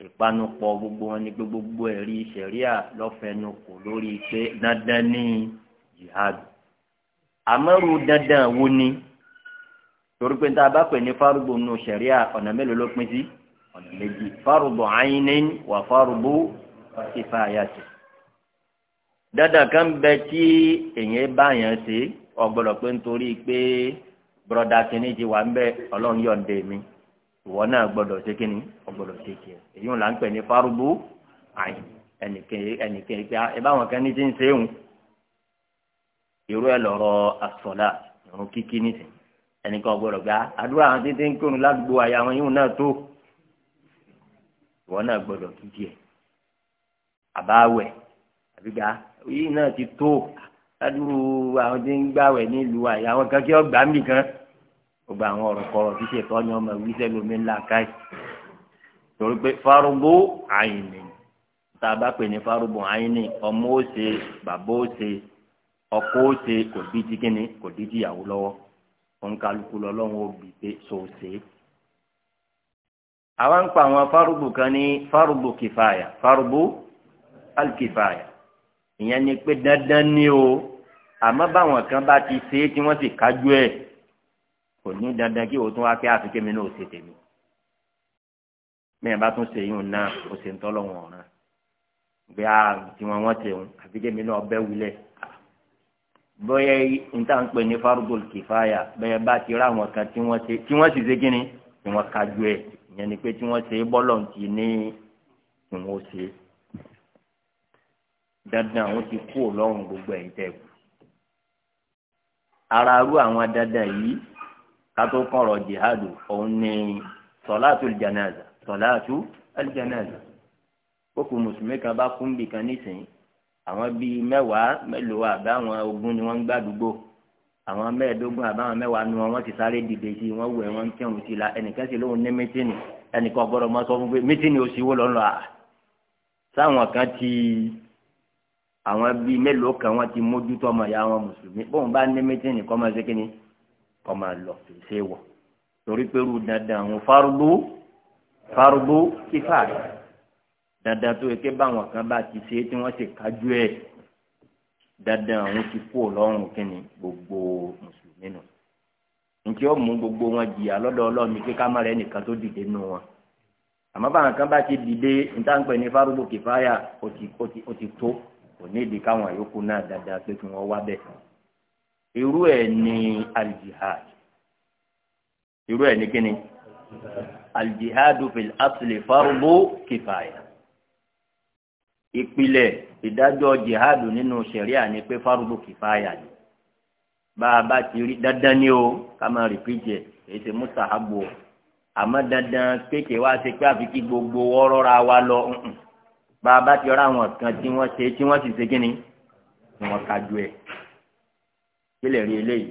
ìpanupọ̀ gbogbo wọn ni gbogbo ẹ̀rí sẹ̀ríà lọ́fẹ̀ẹ́nu kò lórí pé dandan ní jihadu àmọ́rù dandan wo ni torí pé tá a bá pè ní fárúgbó nù sẹ̀ríà ọ̀nà mélòó ló pín sí ọ̀nà méjì fárúgbó ayínín wà fárúgbó sífà ayàtì dandan kan bẹ tí èyàn bá yàn ṣe é. ọgbọdọ pé nítorí pé bọ́dà kìíní ti wà ń bẹ ọlọ́run yọ̀ǹde mi ìwọ náà gbọ́dọ̀ ṣe kíni ọgbọdọ̀ ṣe kìí èyí là ń pè ní fárúgbó àyìn ẹnìkejì pé ah, ẹ báwọn kan ní irú ẹ àsọlá kíkí nìsín ẹnìkan gbá ah, àdúrà àwọn ti tó ládùúgbò àwọn tí ń gbàwẹ̀ nílùú àyà àwọn kan kí mí kan gbogbo àwọn ọ̀rọ̀ kọ̀rọ̀ tí ṣètò ọ̀nà ọmọ ìwé sẹ́lómi ńlá káì torí pé farugbó àyìnì tá a bá pè ní farugbó àyìnì ọmọ ó ṣe bàbá ó ṣe ọkọ ó ṣe kò bí ti kíni kò dí tìyàwó lọ́wọ́ òǹkàlùkù lọ́lọ́run ó bì pé so ṣe é. ń pa àwọn farugbó kan ní farugbó kìfàyà farugbó alkìfàyà ìyẹn ni pé dandan ni o àmọ́ báwọn kan bá ti ṣe é tí wọ́n sì kájú ẹ̀ kò ní dandan kí òótọ́ wá pé àfikẹ́ mi náà ò ṣe tèmi mẹ́yìn bá tún ṣe yún náà ó ṣe ń tọ́lọ̀ wọn ọ̀ràn bí a ti wọn wọ́n ṣe ń àfikẹ́ náà bẹ́ wulẹ̀ bóyá níta ń pè ní farugol kìfáyà bẹ́ẹ̀ bá ti rá àwọn kan tí wọ́n sì ṣe kíni tí wọ́n kájú ẹ̀ ìyẹn ni pé tí wọ́n ṣe bọ́lọ̀ ti ní ìwọ̀n ṣe dandan àwọn ti kú ọlọ́run gbogbo ẹ̀yin tẹ́ kù ara arú àwọn dandan yìí kátó kọ̀rọ̀ jihad òun ni sọ̀láàtú aljanaza sọ̀láàtú aljanaza kókò mùsùlùmí kan bá kú níbi kan nísìnyí àwọn bíi mẹ́wàá mélòó àbáwọn ogún ni wọ́n ń gbàdúgbò àwọn mẹ́ẹ̀ẹ́dógún àbáwọn mẹ́wàá nu wọn wọ́n ti sáré dìde sí wọ́n wẹ̀ wọ́n ń kírun sí la ẹnìkan sì lóun ní mítìnì ẹnìkan gbọ́dọ̀ mọ́ sọ fún pé mítìnì ò sí wó lọ́nà sáwọn kan ti àwọn bíi mélòó kan wọ́n ti mójútó ọmọ ìyá wọn mùsùlùmí bóun bá ní mítìnì kọ́ máa ṣe kí ni kọ́ máa lọ ṣe wọ̀ torí pé irú dandan àwọn fárúgbó fárúgbó kífà rẹ̀ dandan tó yẹ kí báwọn kan bá ti ṣe tí wọ́n sì kájú ẹ̀ dandan àwọn ti kú ọlọ́run kí ni gbogbo mùsùlùmí nù nti o mu gbogbo wọn jìyà lọ́dọ̀ Ọlọ́run ní kíkà má rẹ nìkan tó dìde nù wọn àmọ́ báwọn kan bá ti dìde níta ń pè ní fárúgbó kìfáyà ó ti tó kò nídìí káwọn yòókù náà dáadáa pé kí wọ́n wá bẹ̀ fún irú ẹ̀ ní aljihad irú ẹ̀ ní kíni aljihad fil asli fardu kifaya ìpìlẹ̀ ìdájọ́ jihad nínú ṣẹ̀ríà ni pé fardu kifaya ni bá a bá ti rí dandan ni o ká máa rìpíjẹ èyí ṣe mustahabu o àmọ́ dandan kéèké wá ṣe pé àfi kí gbogbo wọ́rọ́ra wa lọ. Mm bàbá ti rà àwọn kan tí wọ́n ṣe tí wọ́n sì ṣe kíni ni wọ́n ka ju ẹ̀ kílẹ̀ rí eléyìí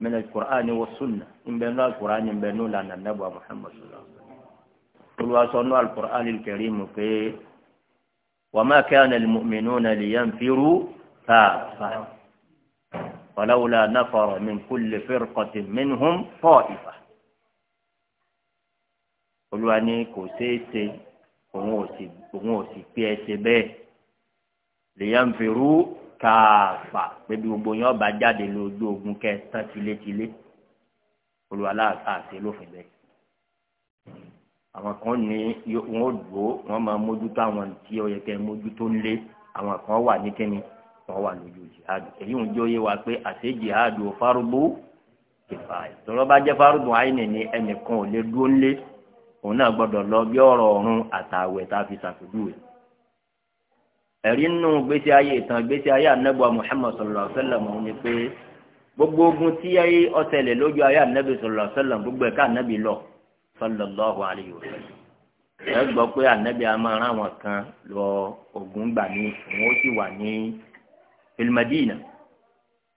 mẹ́lẹ̀ kùránì wọ súnà ìbẹ̀nú àkùránì ìbẹ̀nú lànà nàbà Muhammad sọlá olùwàsánú àkùránì kẹrìm pé wàmà kẹ́hìn ẹ̀lmùmínú nà lìyàn fírú fàáfà wàláwùlà nàfọ̀rọ̀ mi kúlẹ̀ fẹ́rẹ̀kọ̀tì mẹ́nuhùn fọ́ọ̀ìfà olùwàní kò ṣeé òun ò sì òun ò sì pé ẹsẹ bẹ́ẹ̀ lèyàn fèrú kààfà pébi gbogbo yẹn ọba jáde lójú ogun kẹsàn tilétilé olùwàlà àṣẹ lófin bẹ́ẹ̀ àwọn kan ní wọn ò dúró wọn máa mójútó àwọn tí ó yẹ kẹ mójútó ńlé àwọn kan wà ní kíni wọn wà lójú jihadu èyí ń jẹ́ òye wa pé àṣẹ jihadu fárúgbó kẹfà ìtọ́lọ́bàjẹ́ fárúgbó àyìnì ni ẹnìkan ò lè dúró ńlé òun náà gbọ́dọ̀ lọ bí ọ̀rọ̀ ọ̀run àtàwẹ̀ tá a fi ṣàpèjúwe ẹ̀rí nínú gbèsè ayé ìtàn gbèsè ayé anábọ̀ Muhammad sallallahu alaihi wasallam òun ni pé gbogbo ogun tí ayé ọ̀sẹ̀lẹ̀ lójú ayé anábì sallallahu alaihi wasallam gbogbo ẹ̀ka anábì lọ sallallahu alaihi wasallam ẹ gbọ́ pé anábì a máa rán àwọn kan lọ ogun gbà ní òun ó sì wà ní fil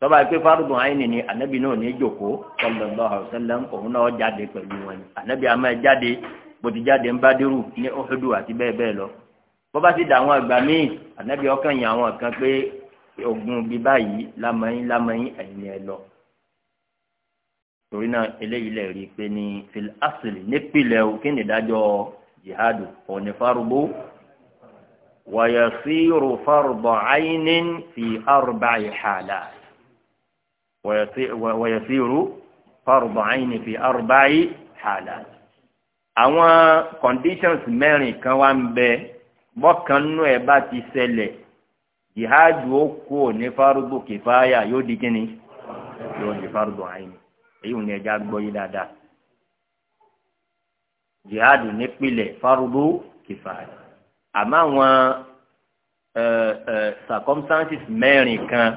tọ́ba yìí pé fárúgbọ̀n àyìnì ni ànábì náà ní ìjòkóó sallallahu alaihi wasallam òun náà jáde pẹ̀lú wọn ni ànábì àmọ́ ẹ jáde bó ti jáde ń Bádírù ní Uhudu àti bẹ́ẹ̀ bẹ́ẹ̀ lọ bọ́ba sì dà àwọn àgbà míì ànábì ọkàn yìí àwọn kan pé ogun bí báyìí lámọ́yìn lámọ́yìn ẹ̀yìn ẹ lọ. torí náà eléyìí lè rí i pé ní fil asli nípìnlẹ̀ o kí ni wọ̀yẹ̀síru fọ́rùbọ̀n fi arúbáyé hàlà. àwọn conditions mẹ́rin kan wá ń bẹ bọ́kànnú ẹ̀ bá ti ṣẹlẹ̀ jihadu ó kú ní fárúgbò kìfáyà yóò di kíni yóò di fárúgbò àyìn èyí ò ní ẹja gbọ́ yí dáadáa jihadu nípìnlẹ̀ fárúgbò kìfáyà àmọ́ àwọn circumstances mẹ́rin kan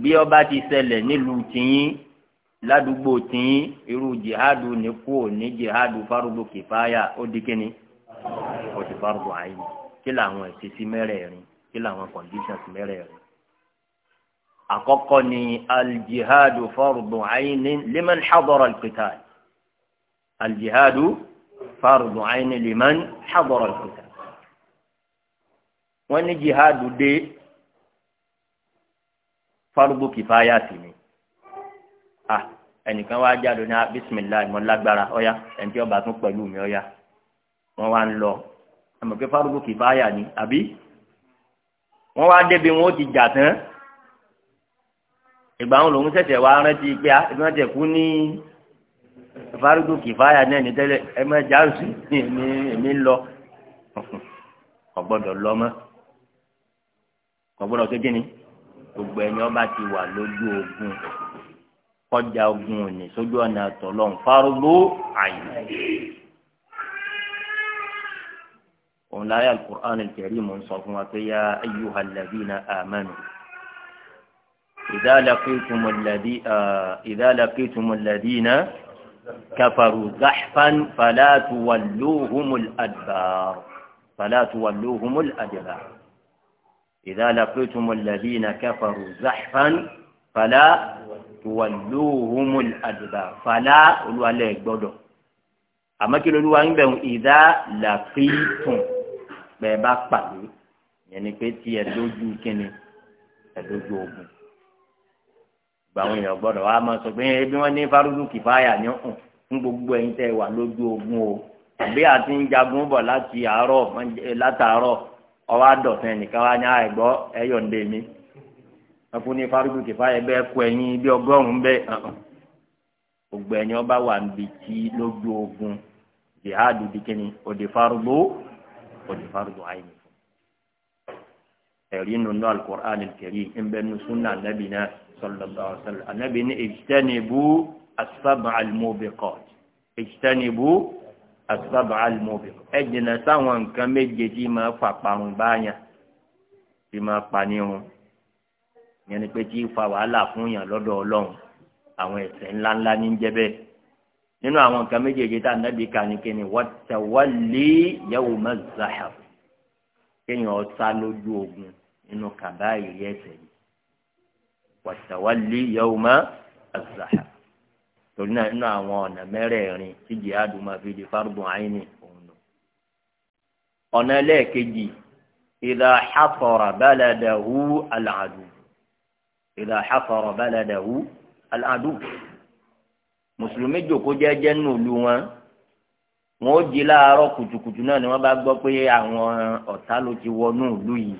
bí ọba ti ṣẹlẹ̀ nílùú tìyín ládùúgbò tìyín irú jihadu ní kú ní jihadu farugbó kìfáyà ó di kíni ó ti farugbó àyè kí làwọn ìṣesí mẹ́rẹ̀ẹ̀rin kí làwọn conditions mẹ́rẹ̀ẹ̀rin. àkọ́kọ́ ni aljihadu farugbó àyè liman hadara alqital aljihadu farugbó àyè liman hadara alqital. wọ́n jihadu dé fárúgbó kìfáyà sí mi ah ẹnìkan wá jáde ní ah, bisimilayi mo lágbára ọyá ẹni tí ọba tún pẹ̀lú mi ọyá wọ́n wá ń lọ àmọ́ pé fárúgbó kìfáyà ni àbí wọ́n wá débi wọn ó ti jà tán ìgbà wọn lòún ṣẹ̀ṣẹ̀ wá rántí pé a ah, ìgbà wọn ti kú ní fárúgbó kìfáyà náà ní tẹ́lẹ̀ ẹ má já sí èmi èmi ń lọ ọ̀gbọ́dọ̀ lọ́mọ́ ọ̀gbọ́dọ̀ ṣe kí ni gbogbo ẹni ọba ti wà lójú ogun kọjá ogun òní sójú ọ̀nà tọ̀lọ́n fárúgbó àyè. òun láyé alukur'an al-karim ń sọ fún wa pé ya ayyuhal ladhina amanu. idha laqitum alladhi idha laqitum alladhina kafaru zahfan fala tuwalluhumul adbar إذا لقيتم الذين كفروا زحفا فلا تولوهم الأدبار فلا قلوا عليه بدو أما كيلو لوا إنبهم إذا لقيتم بيبا قبل يعني كتي يدوجو كني يدوجو أبو gbàwọn èèyàn gbọ́dọ̀ wa máa sọ pé ebi wọn ní fárúdù kìfáyà ní ọkùn fún gbogbo ẹ̀yin tẹ́ wà lójú ogun o àbí àti ń jagun bọ̀ láti àárọ̀ látàárọ̀ ọwọ́ àdọ̀tún ẹnìkan wá ní àìgbọ́ ẹ̀yọ̀ ń dé mi wọn fún ní fárúgbù kìfà yẹn bẹ́ẹ̀ kọ ẹ̀yìn bí ọgọ́rùn-ún bẹ́ẹ̀ hàn ògbẹ́ ẹni ọba wà níbi tí lójú ogun jihadu di kíni òde fárúgbù òde fárúgbù àìní ẹ̀rí nínú alukur'an kẹrí ẹ̀ńbẹ́ nu sunna anabi náà sallallahu alaihi anabi ní ijtanibu as-sab'a al asábà alimọbi ẹ jìnnà sáwọn nǹkan méje tí máa fà parun báyà tí máa pa ní wọn yẹn ni pé tí fa wàhálà fún yàn lọ́dọ̀ Ọlọ́run àwọn ẹ̀ṣẹ̀ ńláńlá ní jẹ́ bẹ́ẹ̀ nínú àwọn nǹkan méjèèjì tá ànábì kan ní kíni wàtàwálé yẹwò mẹzàhà kéèyàn ọ̀tá lójú ogun nínú kàbá ìrí ẹ̀ṣẹ̀ yìí wàtàwálé yẹwò mẹzàhà torí náà nínú àwọn ọ̀nà mẹ́rẹ̀ẹ̀rin tí jihad máa fi di fárúgbọ̀n àìní òun nù. ọ̀nà ẹlẹ́ẹ̀kejì ìdá xafọ̀rọ̀ bàlàdàwù àlàdù ìdá xafọ̀rọ̀ bàlàdàwù àlàdù mùsùlùmí jòkó jẹ́jẹ́ nùlù wọn wọn ó di láàárọ̀ kùtùkùtù náà ni wọ́n bá gbọ́ pé àwọn ọ̀tá ló ti wọnú ìlú yìí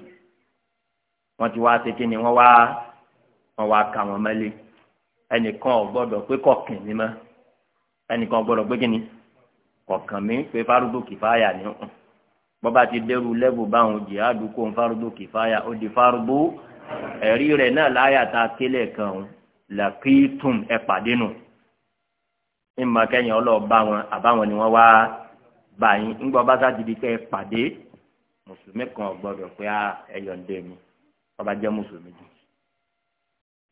wọ́n ti wá ṣe kí ni wọ́n wá wọ́n wá ka wọn mẹ́lẹ́ ẹnìkan ò gbọ́dọ̀ pé kọkàn mi mọ́ ẹnìkan ò gbọ́dọ̀ pé kíni kọkàn mi pé fárúgbó kìfáyà ni hàn bọ́ba ti dẹ́rù lẹ́bù báwọn jihadu kó ń fárúgbó kìfáyà ó di fárúgbó ẹ̀rí rẹ̀ náà láyà tá a kélé kan o làkìtùm ẹ̀ pàdé nù ìmọ̀ kẹ́yìn ọlọ́ọ̀bá wọn àbáwọn ni wọ́n wá báyìí ńgbọ́ bá sáà ti di kẹ́ ẹ pàdé mùsùlùmí kan ò gbọ́dọ̀ pé ah, ẹ̀yọ̀ ń dé mi ọba jẹ́ mùsùlùmí jù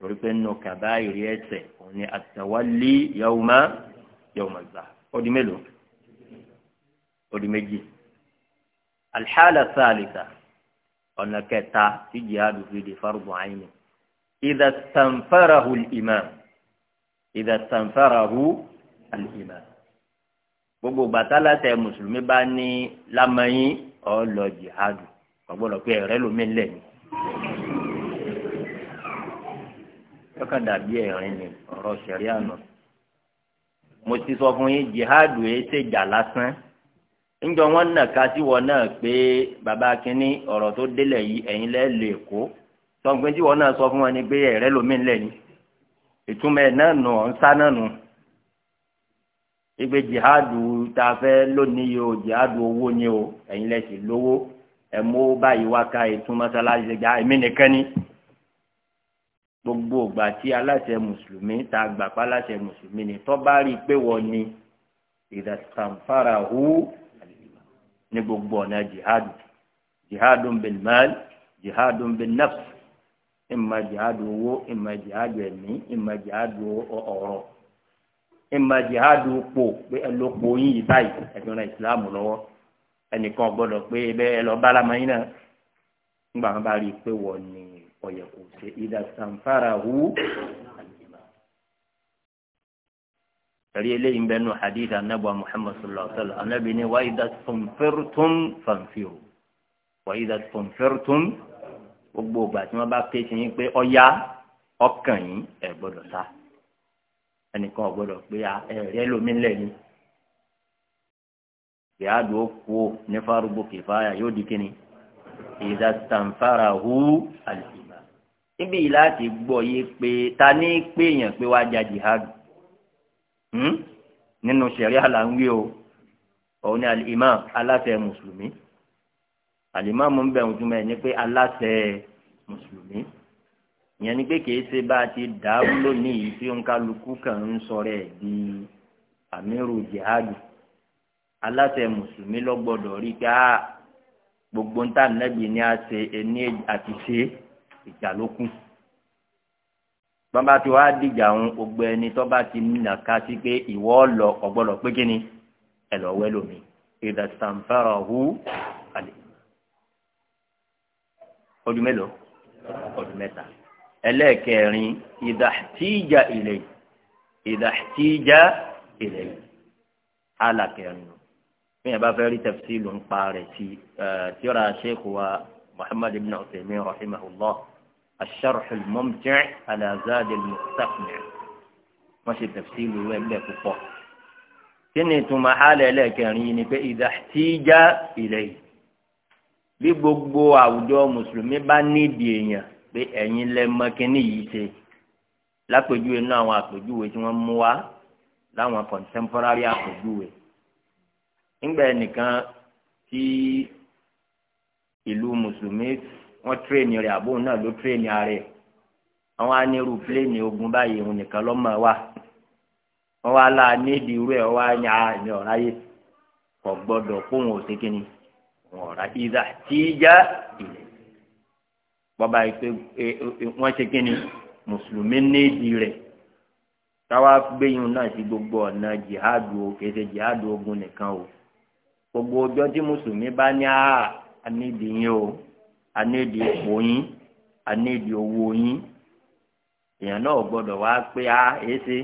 torí pé nínú kàbá ìrí ẹsẹ̀ òun ni àtẹwálé yawma yawma zà ọdún mélòó ọdún méjì alḥàlà sàlìsà ọ̀nà kẹta tí jihadu fi di fardu ayni idà sanfarahu imam idà sanfarahu imam gbogbo gbàtàlà tẹ mùsùlùmí bá ní lamẹyìn ọ jihadu ọgbọdọ pé ẹrẹ lómi lẹ́yìn. kọ́kàn dàbí ẹ̀rín ni ọ̀rọ̀ ṣẹ̀rí àná mo ti sọ fún yín jihadu yìí ṣe jà lásán ńjọ wọn sí wọn náà pé bàbá kínní ọ̀rọ̀ tó délẹ̀ yìí ẹ̀yin lè tí wọn náà sọ fún wọn ni lomi ìtumọ̀ ẹ̀ náà nù ń sá náà nù ìgbé jihadu ta fẹ́ lónìí o jihadu owó ni o ẹ̀yin lówó báyìí wá ká gbogbo ìgbà tí aláṣẹ mùsùlùmí tá a gbà pa aláṣẹ mùsùlùmí ni tó bá rí i pé wọ́n ni ìdàtàǹfàrà hu ní gbogbo ọ̀nà jihadu jihadu bil mal jihadu bin nafs ìmà jihadu owó ìmà jihadu ẹ̀mí ìmà jihadu ọ̀rọ̀ ìmà jihadu po pé ẹ yín yìí báyìí ẹ̀dùn náà ìsìlámù lọ́wọ́ ẹnìkan gbọ́dọ̀ pé ẹ lọ́ọ́ bá lámà yín náà nígbà wọn bá rí i pé wọ́n ni ọ̀yẹ̀kù ṣe ìdá sanfàràhù tẹ̀lé eléyìí bẹ́ẹ̀ nù hadith anábọ̀ muhammad sallallahu alayhi wa sallam anábì ní wàá ìdá sunfẹ́rùtún fanfiru wàá ìdá sunfẹ́rùtún gbogbo ìgbà tí wọ́n bá ké sí yín pé ọ̀ya ọkàn yín ẹ̀ gbọ́dọ̀ sá ẹnìkan ò gbọ́dọ̀ pé ẹ̀rẹ́ lómi lẹ́yìn ìyáàdù kú ní fárúgbó kìfáyà yóò di kíni ìdá sanfàràhù àlè níbi yìí láti gbọ́ yé pé ta ní pé èèyàn pé wàá ja jihad hmm? nínú ṣẹ̀ríà là ń wí o òun ni al-imam aláṣẹ mùsùlùmí al-imam mú bẹ̀rù túmọ̀ ẹ̀ ní pé aláṣẹ mùsùlùmí ìyẹn ni pé kìí ṣe bá a ti dàrú lónìí tí ń kálukú kàn ń sọ̀rọ̀ ẹ̀ di amiru jihad aláṣẹ mùsùlùmí ló gbọ́dọ̀ rí pé ah, gbogbo ń tà nẹ́bí ni a ṣe ẹni àti ṣe é ìjà ló kù bàbá tí wàá dìjà ń gbogbo ẹni tó bá ti nà ká sí pé ìwọ lọ ọgbọdọ pé kíni ẹ lọ wẹ lómi ìdàtàǹfàrà hu àlè ọdún mélòó ọdún mẹ́ta ẹlẹ́ẹ̀kẹrin ìdàtíjà ilẹ̀ ìdàtíjà ilẹ̀ alákẹrin fún yẹn bá fẹ́ rí tafsilu ń pa rẹ̀ sí tíọ́ra sheikh wa muhammad ibn ọ̀sẹ̀mí rahimahullah. الشرح الممتع على زاد المستقنع ماشي تفسير ولا كفو kíni ìtumọ̀ hálẹ̀ lẹ́ẹ̀kẹrin yìí ni احتاج ìdáhtíjà ilẹ̀ yìí bí gbogbo àwùjọ mùsùlùmí bá nídìí èèyàn pé ẹ̀yin lẹ mọ kíní yìí ṣe lápèjúwe náà àwọn àpèjúwe tí wọ́n mú wá láwọn contemporary àpèjúwe ńgbà ẹnìkan tí ìlú mùsùlùmí wọ́n tírèènì rẹ̀ àbò náà ló tírèènì ààrẹ àwọn anirú pléènì ogun báyìí òun nìkan lọ́mọ wa wọ́n wá láà nídìí irú ẹ̀ wá ní àmì ọ̀rá yé kò gbọ́dọ̀ kóhun òsèkínni wọn ọ̀rá ìdá tí í já ìlẹ̀ bọ́ba yìí eh, eh, eh, mùsùlùmí nídìí rẹ̀ táwa gbẹ̀yìn náà sí gbogbo ọ̀nà jihadu kèsè jihadu ogun nìkan o gbogbo ọjọ́ tí mùsùlùmí bá ní àá ah, nídìí yín o anéèdì ipò yín anéèdì owó yín èèyàn náà gbọ́dọ̀ wá pé a èsè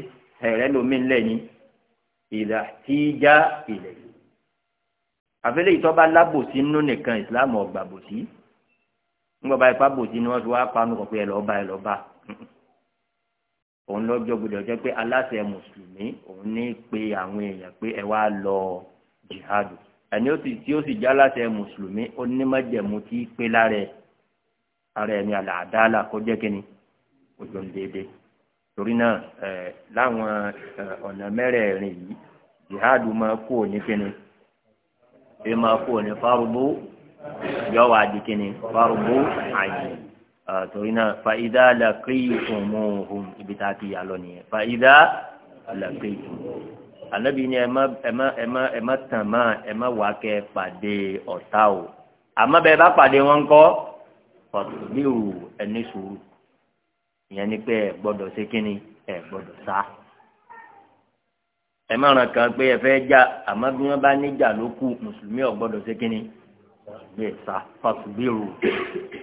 ẹrẹ lomi ńlẹ ni ìlà tí í já ilẹ̀ yìí àfẹlẹ ìtọ́ba lábòsí nínú nìkan islam ọgbà bòsí ńgbà bá ipá bòsí ni wọ́n fi wá panu kọ̀ pé ẹ lọ́ọ́ bá ẹ lọ́ọ́ bá òun lọ́jọ́ gbọdọ̀ jẹ́ pé aláṣẹ mùsùlùmí òun ní pe àwọn èèyàn pé ẹ wá lọ jihadu ẹni tí ó sì já láti ẹ mùsùlùmí ó ní májẹ̀mú tí pé lára ẹ ara ẹni àlàádáàlà kó jẹ́ kínní òjò ń déédé torí náà ẹ láwọn ọ̀nà mẹ́rẹ̀ẹ̀rin yìí jihadu máa kú òní kínní ẹ máa kú òní fárúbú yọ wá di kínní fárúbú àyè torí náà fàídà làkìtùmùhùn ibi tá a ti yà lọ nìyẹn fàídà làkìtùmùhùn ànábì ni ẹ má ẹ má ẹ má ẹ má tàn má ẹ má wàá kẹ pàdé ọ̀tá o àmọ́ bẹ́ẹ̀ bá pàdé wọn kọ́ ọ̀tùbíù ẹni sùúrù ìyẹn ni pé ẹ gbọ́dọ̀ ṣe kínni ẹ gbọ́dọ̀ sá ẹ má ràn kàn pé ẹ fẹ́ jà àmọ́ bí wọ́n bá níjà ló kù mùsùlùmí ò gbọ́dọ̀ ṣe kínni bẹ́ẹ̀ sá fàtùbíù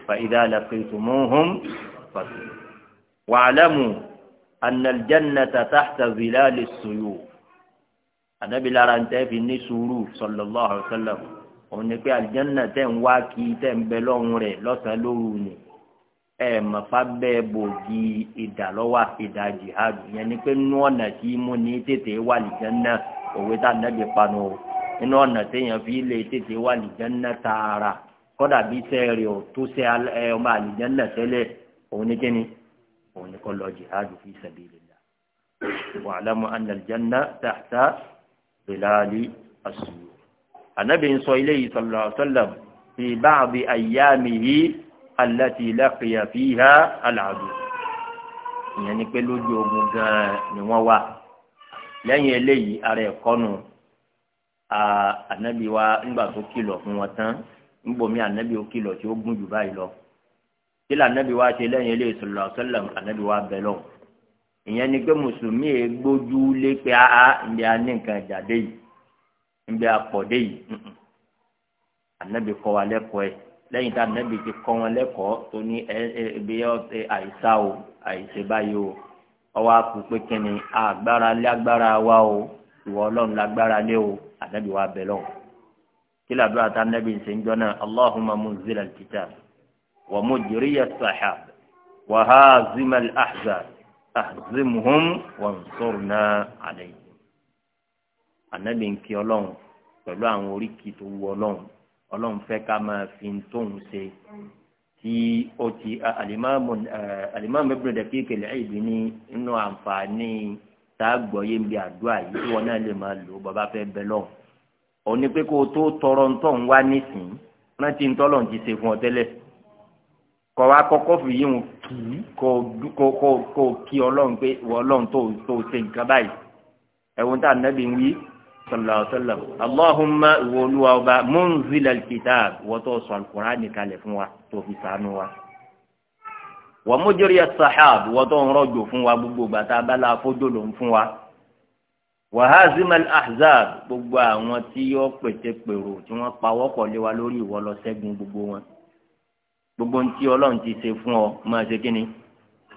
fa idha laqitumuhum fàtùbíù wa'lamu anna al-jannata tahta zilali as-suyuf ànábi lára ń tẹ́ fi ní sùúrù sallallahu alaihi wasallam òun ni pé àlìjánná tẹ̀ ń wá kí tẹ̀ ń bẹ lọ́rùn rẹ̀ lọ́sàn-án lóru ni ẹ̀ mọ̀fá bẹ́ẹ̀ bògì ìdálọ́wà ìdá jihad yẹn ni pé nú ọ̀nà tí mo ní tètè wà àlìjánná òwe tá ànábi panu o nínú ọ̀nà téèyàn fi lè tètè wà àlìjánná tààrà kọ́dà bí iṣẹ́ rẹ̀ ò tó ṣe ọmọ àlìjánná tẹ́lẹ̀ òun ni kíni òun ni kọ́ lọ jihad fi sabilillah wa'lamu anna aljanna tahta bilali asuyuti anabi ń sọ ilé yìí sallallahu alaihi wasallam fi báàbí ayyámihi allati laqiya fiha al'adu ìyẹn ni pé lójú ogun gan-an ni wọ́n wà lẹ́yìn eléyìí ara ẹ̀kọ́ nù anabi wa ńgbà tó kìlọ̀ fún wọn tán ńgbòmí anabi ó kìlọ̀ tí ó gùn jù báyìí lọ kí lànàbí wa ṣe lẹ́yìn eléyìí sallallahu alaihi wasallam anabi wa bẹ̀ lọ́wọ́ ìyẹn ni pé mùsùlùmí yẹn gbójú lé pé áá ah, ah, ǹdí a ní nǹkan ìjàdé yìí ǹdí a pọ̀ dé yìí ànábì kọ́ wa lẹ́kọ̀ọ́ ẹ̀ lẹ́yìn tá ànábì ti kọ́ wọn lẹ́kọ̀ọ́ tó ní ẹ ẹ bí ọ ṣe àìsá o àìsè báyìí o ọwọ́ àpò pé kíni agbára lé agbára wa o ìwọ ọlọ́run lágbára lé o ànábì wa bẹ̀ lọ́wọ́ kí làdúrà tá ànábì ń ṣe ń jọ náà allahumma munzil kitab wa mujriya sahab wa hazima ahzab ahzimhum wansurna alayhim anabi ń kí ọlọ́run pẹ̀lú àwọn oríkì tó wù ọlọ́run ọlọ́run fẹ́ ká máa fi ń tóun ṣe tí ó ti alimami eh, ibn Daqiq al-Eid ní inú àǹfààní tá a gbọ́ yé àdúrà yìí tí wọn náà lè máa lò bàbá fẹ́ bẹ lọ́hùn òní pé kó o tó tọrọ ń tọ̀ ń wá nísìnyí rántí ń tọ́lọ̀ ń ti ṣe fún ọ tẹ́lẹ̀ kọ wa kọ́kọ́ fi yíwọn kì í kò kò kò kí Ọlọ́run pé wọ Ọlọ́run tó tó ṣe nǹkan báyìí ẹwọn tá ànábì ń wí sọlá ọsọlá allahumma ìwọ olúwa ọba munzil alkitab wọ́n tó sọ alukurani kalẹ̀ fún wa tó fi ṣàánú wa wọ́n mujiri asahab wọ́n tó fún wa gbogbo bàtà abala afọ́jọ́ ló ń fún wa wàhazima alahzab gbogbo àwọn tí yọ pètè tí wọ́n pawọ́ kọ̀ lé wa lórí ìwọ gbogbo wọn gbogbo ntí ọlọ́run ti se fún ọ máa ṣe kíni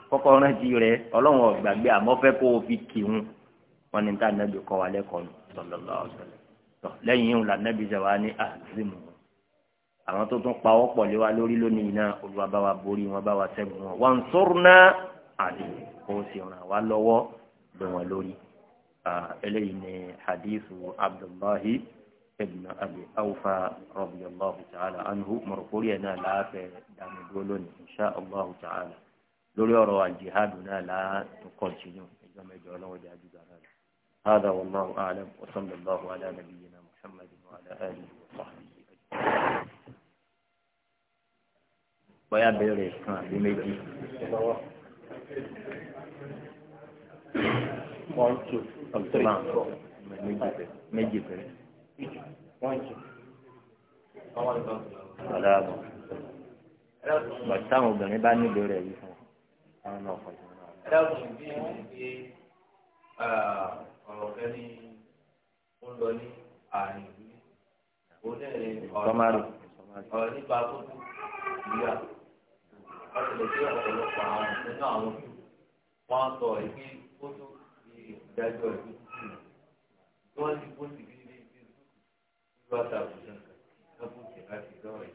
kọ́kọ́ rántí rẹ ọlọ́run ọ̀gbàgbé àmọ́ fẹ́ kó o fi kì ń wọn ni tá nàbì kọ́ wa lẹ́kọ̀ọ́ nù sọlọ́lá ọ̀sọ̀lẹ̀ tọ́ lẹ́yìn ìhùn lànàbì ṣe wá ní ah, àzìmù àwọn tó tún pa ọ́pọ̀ lé wa lórí lónìí náà olúwa bá wa borí wọn bá wa ṣẹ́gun wọn wọn sọ̀rọ̀ náà àlè kó o sì ràn wá lọ́wọ́ lé wọn lórí ah, eléyìí ni hadithu abdullahi. ابن أبي أوفى رضي الله تعالى عنه مرفوعي لا تدعم إن شاء الله تعالى لولي أرى جهادنا لا تقول إذا ما يجعلون وجهاد هذا والله أعلم وصلى الله على نبينا محمد وعلى آله وصحبه أجمعين bóyá béèrè kan àbí méjì. one two ọ̀dà àbọ̀ bàtí táwọn obìnrin bá nílò rẹ̀ yìí fún àwọn náà fọ̀jù náà. ẹ dákun bí ẹ ṣe ọ̀rọ̀ kẹ́ ní ó lọ ní àárín ìlú òun náà ní ọ̀rọ̀ ọ̀rọ̀ nípa tó kù ìyá ọ̀sẹ̀ tí ọ̀pọ̀lọpọ̀ àwọn nínú àwọn tó wọ́n sọ ẹgbẹ́ tó tó di ìdájọ́ ìlú tí wọ́n ti kó sí bí lọ́sà àbùjá lọ́kùn jẹ láti lọ́rẹ̀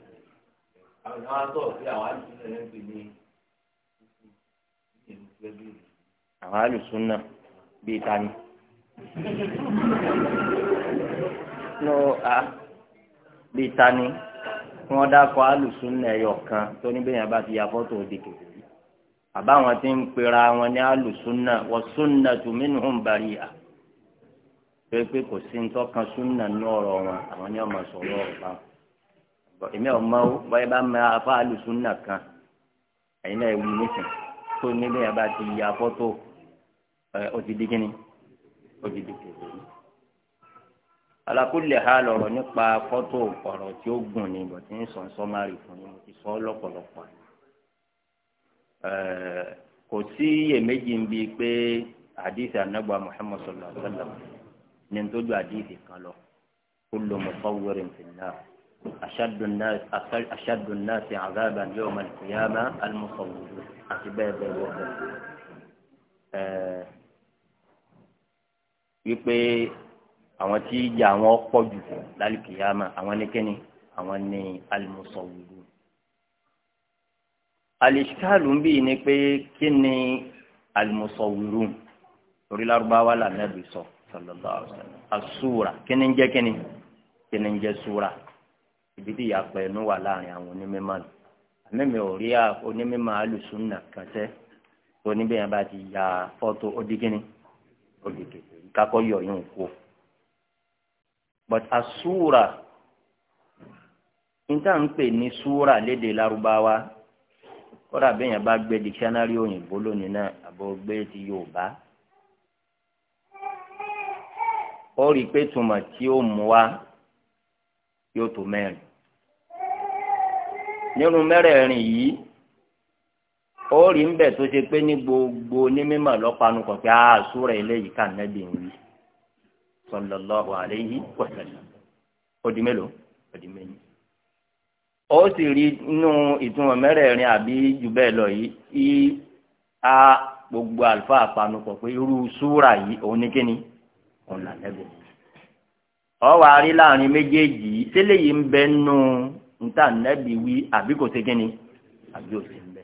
àwọn àwọn àtọ̀ pé àwọn àlùsùn náà ń pè ní ìlú gbẹ́bí rẹ̀. àwọn àlùsùn náà bíi ta ni. no a bíi ta ni kí wọ́n àlùsùn náà ẹ̀yọ̀ kan tó ní yẹn bá ti ya fọ́tò òde kèké àbáwọn tí ń pera wọn ní àlùsùn náà wọ́n sùn náà tùmínú ń bari à. pé kò sí ntọ́kan súnà ní ọ̀rọ̀ wọn àwọn ní ọmọ sọ̀rọ̀ ọ̀rọ̀ bá wọn. èmi ọmọ báyìí bá mọ afá àlùsúnà kan ẹ̀yin náà ewu nísìn tó nílé yẹn bá ti ya fọ́tò ó ti di kíni ó ti di kèké. alákùlẹ̀ ha lọ̀rọ̀ nípa fọ́tò ọ̀rọ̀ tí ó gùn ni bọ̀ tí ń sọ fún mo ti sọ lọ́pọ̀lọpọ̀. kò sí iyèméjì ń bi pé àdìsí anágbà Muhammad sallallahu alaihi wa sallam. ní nítorí àdéhìí kan lọ kullu musawwirin fin-nar ashaddu an-nasi 'adhaban yawm al-qiyamah al-musawwirun àti bẹ́ẹ̀ bẹ́ẹ̀ wọ́n bẹ́ẹ̀ wípé àwọn tí ìjà àwọn pọ̀ jù lálùkìyàmà àwọn nìkẹ́ni àwọn ní alimusọ̀wùrù. alìsíkàlù ń bì ní pé kí ni alimusọ̀wùrù lárúbáwá làmẹ́bí sọ. So. asuura kini wasallam asúra kini ń jẹ́ ibi tí ìyàpẹ̀ ẹnu wà láàrin àwọn onímọ̀ nù àmẹ́mi ò onibiyan ba ti ya fọ́tò odigini odikini kakọ́ yọ yín but asúra níta n pe ni súra lede lárúbáwá kódà bẹ́yẹn bá gbé dictionary òyìnbó lónìí náà àbọ̀ gbé ti ó rí i pé tùmọ̀ tí ó mú wa yóò tó mẹ́rin nínú mẹ́rẹ̀ẹ̀rin yìí ó rí ń bẹ tó ṣe pé ní gbogbo onímọ̀ lọ́pàánu kọ̀ pé ah, àásùrẹ̀ eléyìí kà nẹ́bí ń wí sallallahu alayhi wa sallam ó di mélòó ó di mélòó ó sì rí inú ìtumọ̀ mẹ́rẹ̀ẹ̀rin àbí jù bẹ́ẹ̀ lọ yìí í a gbogbo àlùfáà panupọ̀ pé irú súra yìí òun ní kíni ọ̀nà lẹ́bẹ̀. ọwọ́ àárín láàrin méjèèjì yìí tẹ́lẹ̀ yìí ń bẹ nù níta nẹ́bi wí àbí kò ṣe kíni àbí ò ṣe ń bẹ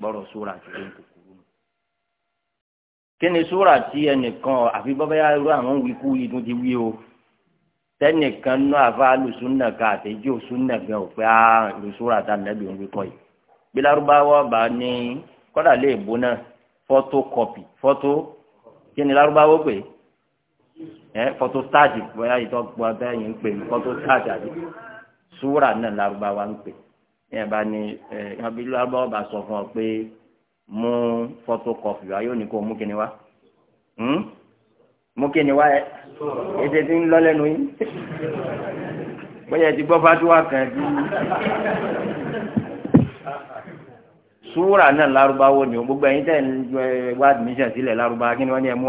bọ́rọ̀ sóra ti ló ń kúkúrú nù. kí ni sóra tí ẹnìkan àfi bọ́bá yá irú àwọn wíkú yìí tó ti wí o tẹnìkan náà àfa lùsùnà ká àtẹjú òsùnà gan ò pé á lùsùnà tá nẹ́bi ń wí kọ́ yìí. bí bá ní kọ́dà lè bó náà fọ́tò kọ́pì fọ́tò kí ni pè é ẹ fọtostáàtì bóyá ìtọ́ gbọ́ bẹ́yìn ń pè ní fọtostáàtì àti súwúrà náà lárúbáwá ń pè ní ẹ̀bá ni ẹ̀ ẹ̀bí lárúbáwá bá sọ fún ọ pé mú fọtokọ̀fì wa yóò ní kó mú kíni wá hmm? mú kíni wá ẹ ètè tí ń lọ lẹ́nu yín bóyá ti gbọ́ fatuwa kan bí súwúrà náà lárúbáwá ni gbogbo ẹ̀yin tẹ̀ ń wá admission sílẹ̀ lárúbáwá kí ni wọ́n ní ẹ mú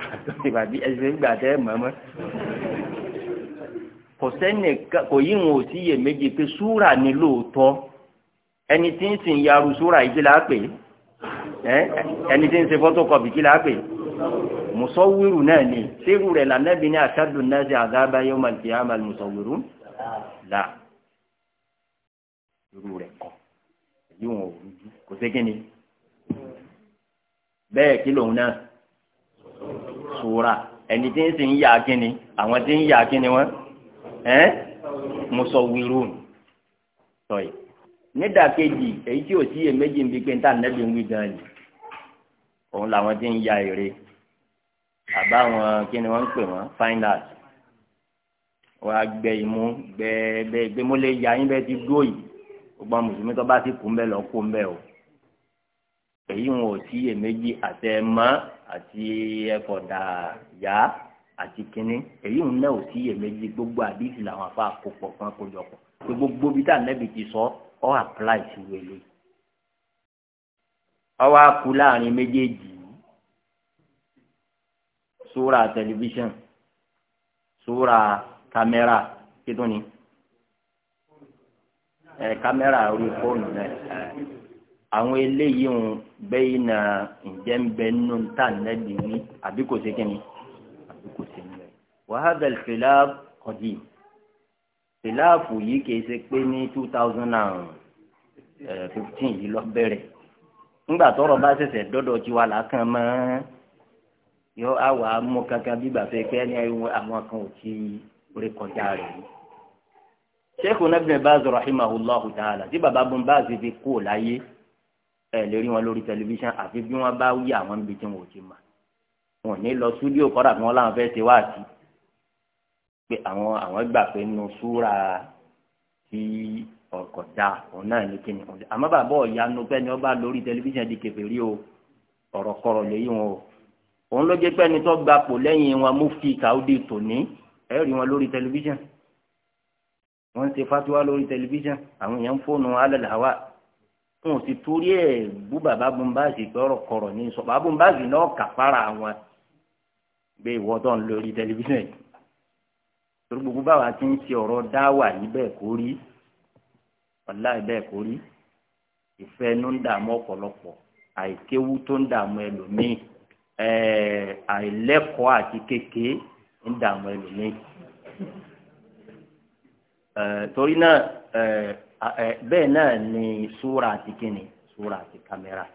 ìbàdí ẹsẹ̀ gbà tẹ́ mọ́mọ́ kò sẹ́nì kò yí wọn ò sí iyè méjì pé súrà ni lóòótọ́ ẹni tí ń sìn yaru súrà yìí kí la pè é ẹni tí ń ṣe fọ́tọ́kọ̀bì kí la pè é musawiru náà ni sẹ́rù rẹ̀ lànàbí ní ashaddu nasi azaba yawmal qiyamah musawiru là irú rẹ̀ kọ́ èyí wọn ò rújú kò sí ni bẹ́ẹ̀ kí lòun náà sùúrà ẹni tí ń sìn yà kíni àwọn tí ń yà kíni wọn ẹ musawwirun tọyì nídàkejì èyí tí ò sí èméjì ń bi pé níta nẹ́bí ń wí gan ni òun làwọn tí ń ya èrè àbá wọn kíni wọn ń pè wọn fine art wọn á gbẹ imú gbẹ bẹ gbẹ mo ya yín bẹ ti dúró yìí gbogbo mùsùlùmí tó bá ti kú ń bẹ lọ kú ń bẹ o èyí wọn ò sí èméjì àtẹmọ́ àti ẹ̀fọ̀dà yá àti kínní èyí ń náà ò sí iyèméjì gbogbo àdìsí làwọn afá àkópọ̀ kan kójọpọ̀ pé gbogbo bí tá nẹ́bi ti sọ ọ́ apply sí wẹ̀lẹ̀ ọ wá kú láàrin méjèèjì yìí sóra tẹlifíṣàn sóra kámẹ́rà kí tó ni ẹ kámẹ́rà orí fóònù náà àwọn eléyìí ń bẹ́ẹ̀ na ǹjẹ́ ń bẹ nínú ta nẹ́bi ní àbí kò sí kíni àbí kò sí nílẹ̀. wàhálà khilaf kọjí khilafu yìí kìí ṣe pé ní two thousand and eh, fifteen yìí lọ bẹ̀rẹ̀ ńgbà tọrọ bá ṣẹ̀ṣẹ̀ dọ́dọ̀ tí wà lákàn mọ́ yọ àwọ̀ amú kankan bígbà fẹ́ pé ní àwọn kan ò ti rí kọjá rẹ̀ yìí. Sheikhuna Ibn ta'ala tí baba bun bá fi kú ò láyé ẹ lè rí wọn lórí tẹlifíṣàn àfi bí wọn bá wí àwọn níbi tí wọn ò ti mà wọn ní lọ súdíò kọ́dà kí wọ́n láwọn fẹ́ ṣe wáàtí pé àwọn àwọn gbà pé nínú súra tí ọkọ̀ da òun náà ní kíni òun àmọ́ bàbá ọ̀yanu pé ni wọ́n bá lórí tẹlifíṣàn di kèfèrí o ọ̀rọ̀ kọ̀rọ̀ lè yí wọn o òun ló jẹ́ pé ẹni tó gbapò lẹ́yìn wọn mufti Saudi tòní ẹ rí wọn lórí tẹlifíṣàn wọ́n ń ṣe fatiwa lórí tẹlifíṣàn àwọn èèyàn ń fóònù alẹ́ làwà n ò sì torí ẹ̀ bú bàbá bùnbáàsì pé ọ̀rọ̀ kọ̀rọ̀ ní sọ bàbá bùnbáàsì náà kàfàrà wọn gbé ìwọ tó ń lórí tẹlifíṣàn yìí torí gbogbo báwa ti ń ṣe ọ̀rọ̀ dáwà yìí bẹ́ẹ̀ kó rí ọ̀la bẹ́ẹ̀ kó rí ìfẹ́ ló ń dààmú ọ̀pọ̀lọpọ̀ àìkéwú tó ń dààmú ẹlòmíì àìlẹ́kọ̀ọ́ àti kéke ń dààmú ẹlòmíì torí náà bẹ́ẹ̀ náà ni sura àti kíni súra àti kámẹ́rà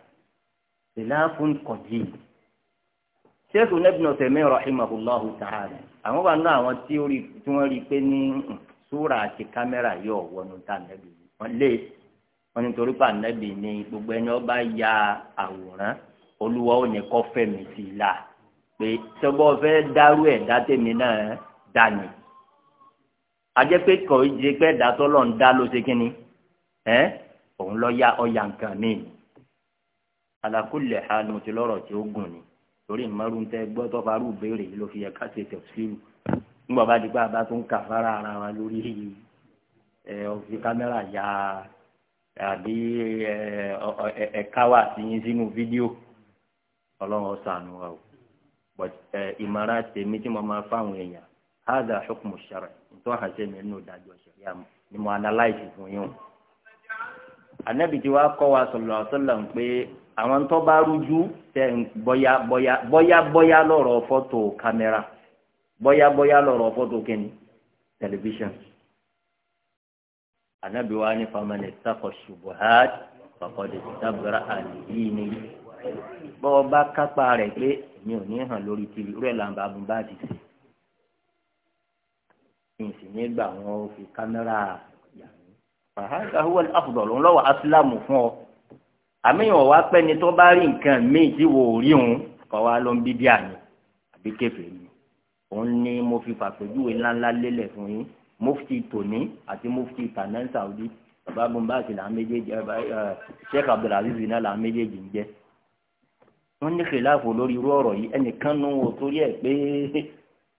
ìlàfún kọjí sẹ́kù nẹ́bìnà tẹ̀mí rahimahulahu ta'ala àwọn wà náà àwọn tí wọ́n rí i pé ní hmm, súra àti kámẹ́rà yóò wọnú tá nẹ́bì wọ́n lé wọ́n nítorí pé ànẹ́bì ni gbogbo ẹni ó bá ya àwòrán olúwa ò ní kọ́ fẹ̀mí sí i la pé sọ́gbọ́n fẹ́ dárú ẹ̀ dátẹ́mi náà dání ajẹ́ pé kò jẹ́ pé dàtọ́ lọ́n dá ló ṣe kínní ẹ́ òun lọ ya ọ̀yà nǹkan mi ala kulli hal mo ti lọ́rọ̀ tí ó gùn ni torí mọ́rú ń tẹ́ gbọ́ farú béèrè ló fi yẹ ká ṣe tẹ̀síìlù nígbà bá di pé a bá tún kà fara ara wa lórí ẹ ọ̀fi kámẹ́rà ya àbí ẹ ẹ káwà sí yín sínú fídíò ọlọ́run ọ̀sán wa o ìmọ̀ràn tèmi tí mo máa fáwọn èèyàn hádà hukmu shar'i tọ́ hàn sí mi nínú ìdájọ́ ni mo analyze fún yín o. ànábì tí wàá kọ́ wa sọ̀rọ̀ sọ̀rọ̀ ń pé àwọn tó bá rújú tẹ̀ ń bọ́yá bọ́yá bọ́yá bọ́yá lọ́rọ̀ fọ́tò kámẹ́rà bọ́yá bọ́yá lọ́rọ̀ fọ́tò kínní tẹlifíṣàn. ànábì wa ní famani sáfọ̀ ṣubuhat fàkọ́dé sábúrà àdìyíní bọ́ọ̀ bá kápá rẹ̀ pé mi ò ní hàn lórí tv rẹ̀ làǹbà bùnbá ti sè ìsìn nígbà wọn fi kámẹ́rà yà mí. fàhádà huwa al-afdal ló ń lọ́wọ́ asilamu fún ọ. àmìyàn wá pẹ́ ni tó bá rí nǹkan míì tí wò ó rí òun kọ́ wa ló ń bí díà ni àbí kẹfẹ́ ni. òun ni mo fi fàpèjúwe ńláńlá lélẹ̀ fún yín mufti tòní àti mufti tanẹ́ńsà òdì bàbá bùnbáàsì là ń méjèèjì ẹ sheikh abdulaziz náà là ń méjèèjì ń jẹ. wọ́n ní kìláàfù lórí irú ọ̀rọ̀ yìí ẹnìkan nù wò torí ẹ̀ pé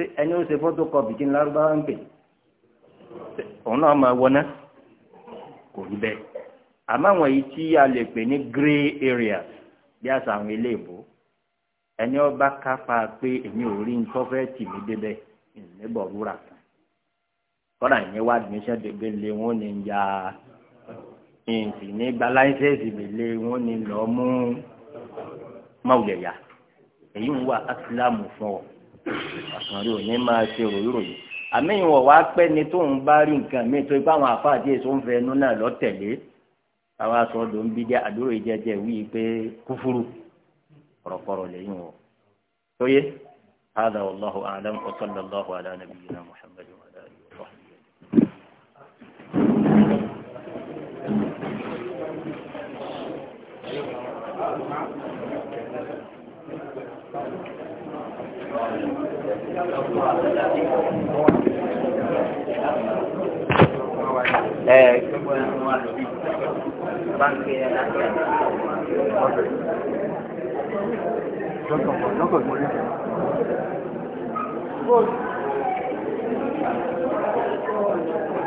ṣé ẹni ó ṣe photocopy kí ni lárúbáwá ń pè òun náà máa wọná kò rí bẹ́ẹ̀ àmọ́ àwọn èyí tí a lè pè ní grey areas bí àṣà àwọn ilé ìbò ẹni ọba kápá pé èmi ò rí nǹkan fẹ́ tì mí débẹ̀ ìnìbọ̀ wúrà kan kọ́dà ìyẹn wá admission dèbè lé wọn ní ya ìǹtì ní gba láìsẹ̀sì mi lé wọn ní lọ́ọ́ mú máwùlẹ̀ yá èyí ń wà áṣílámù fún ọ àkànrí òní máa ṣe ròyìnròyìn àmì ìwọ̀n wá pẹ́ ni tó ń bá rí nǹkan mi tó ipá àwọn àfáà díẹ̀ tó ń fẹ́ ẹnu náà lọ́tẹ̀lé àwa sọ ló bí jẹ́ àdúrò ìjẹjẹ wíi pé kúfúrú kọ̀rọ̀kọ̀rọ̀ lẹ́yìn wọ̀ tóyé ala والله Eh, Thank you.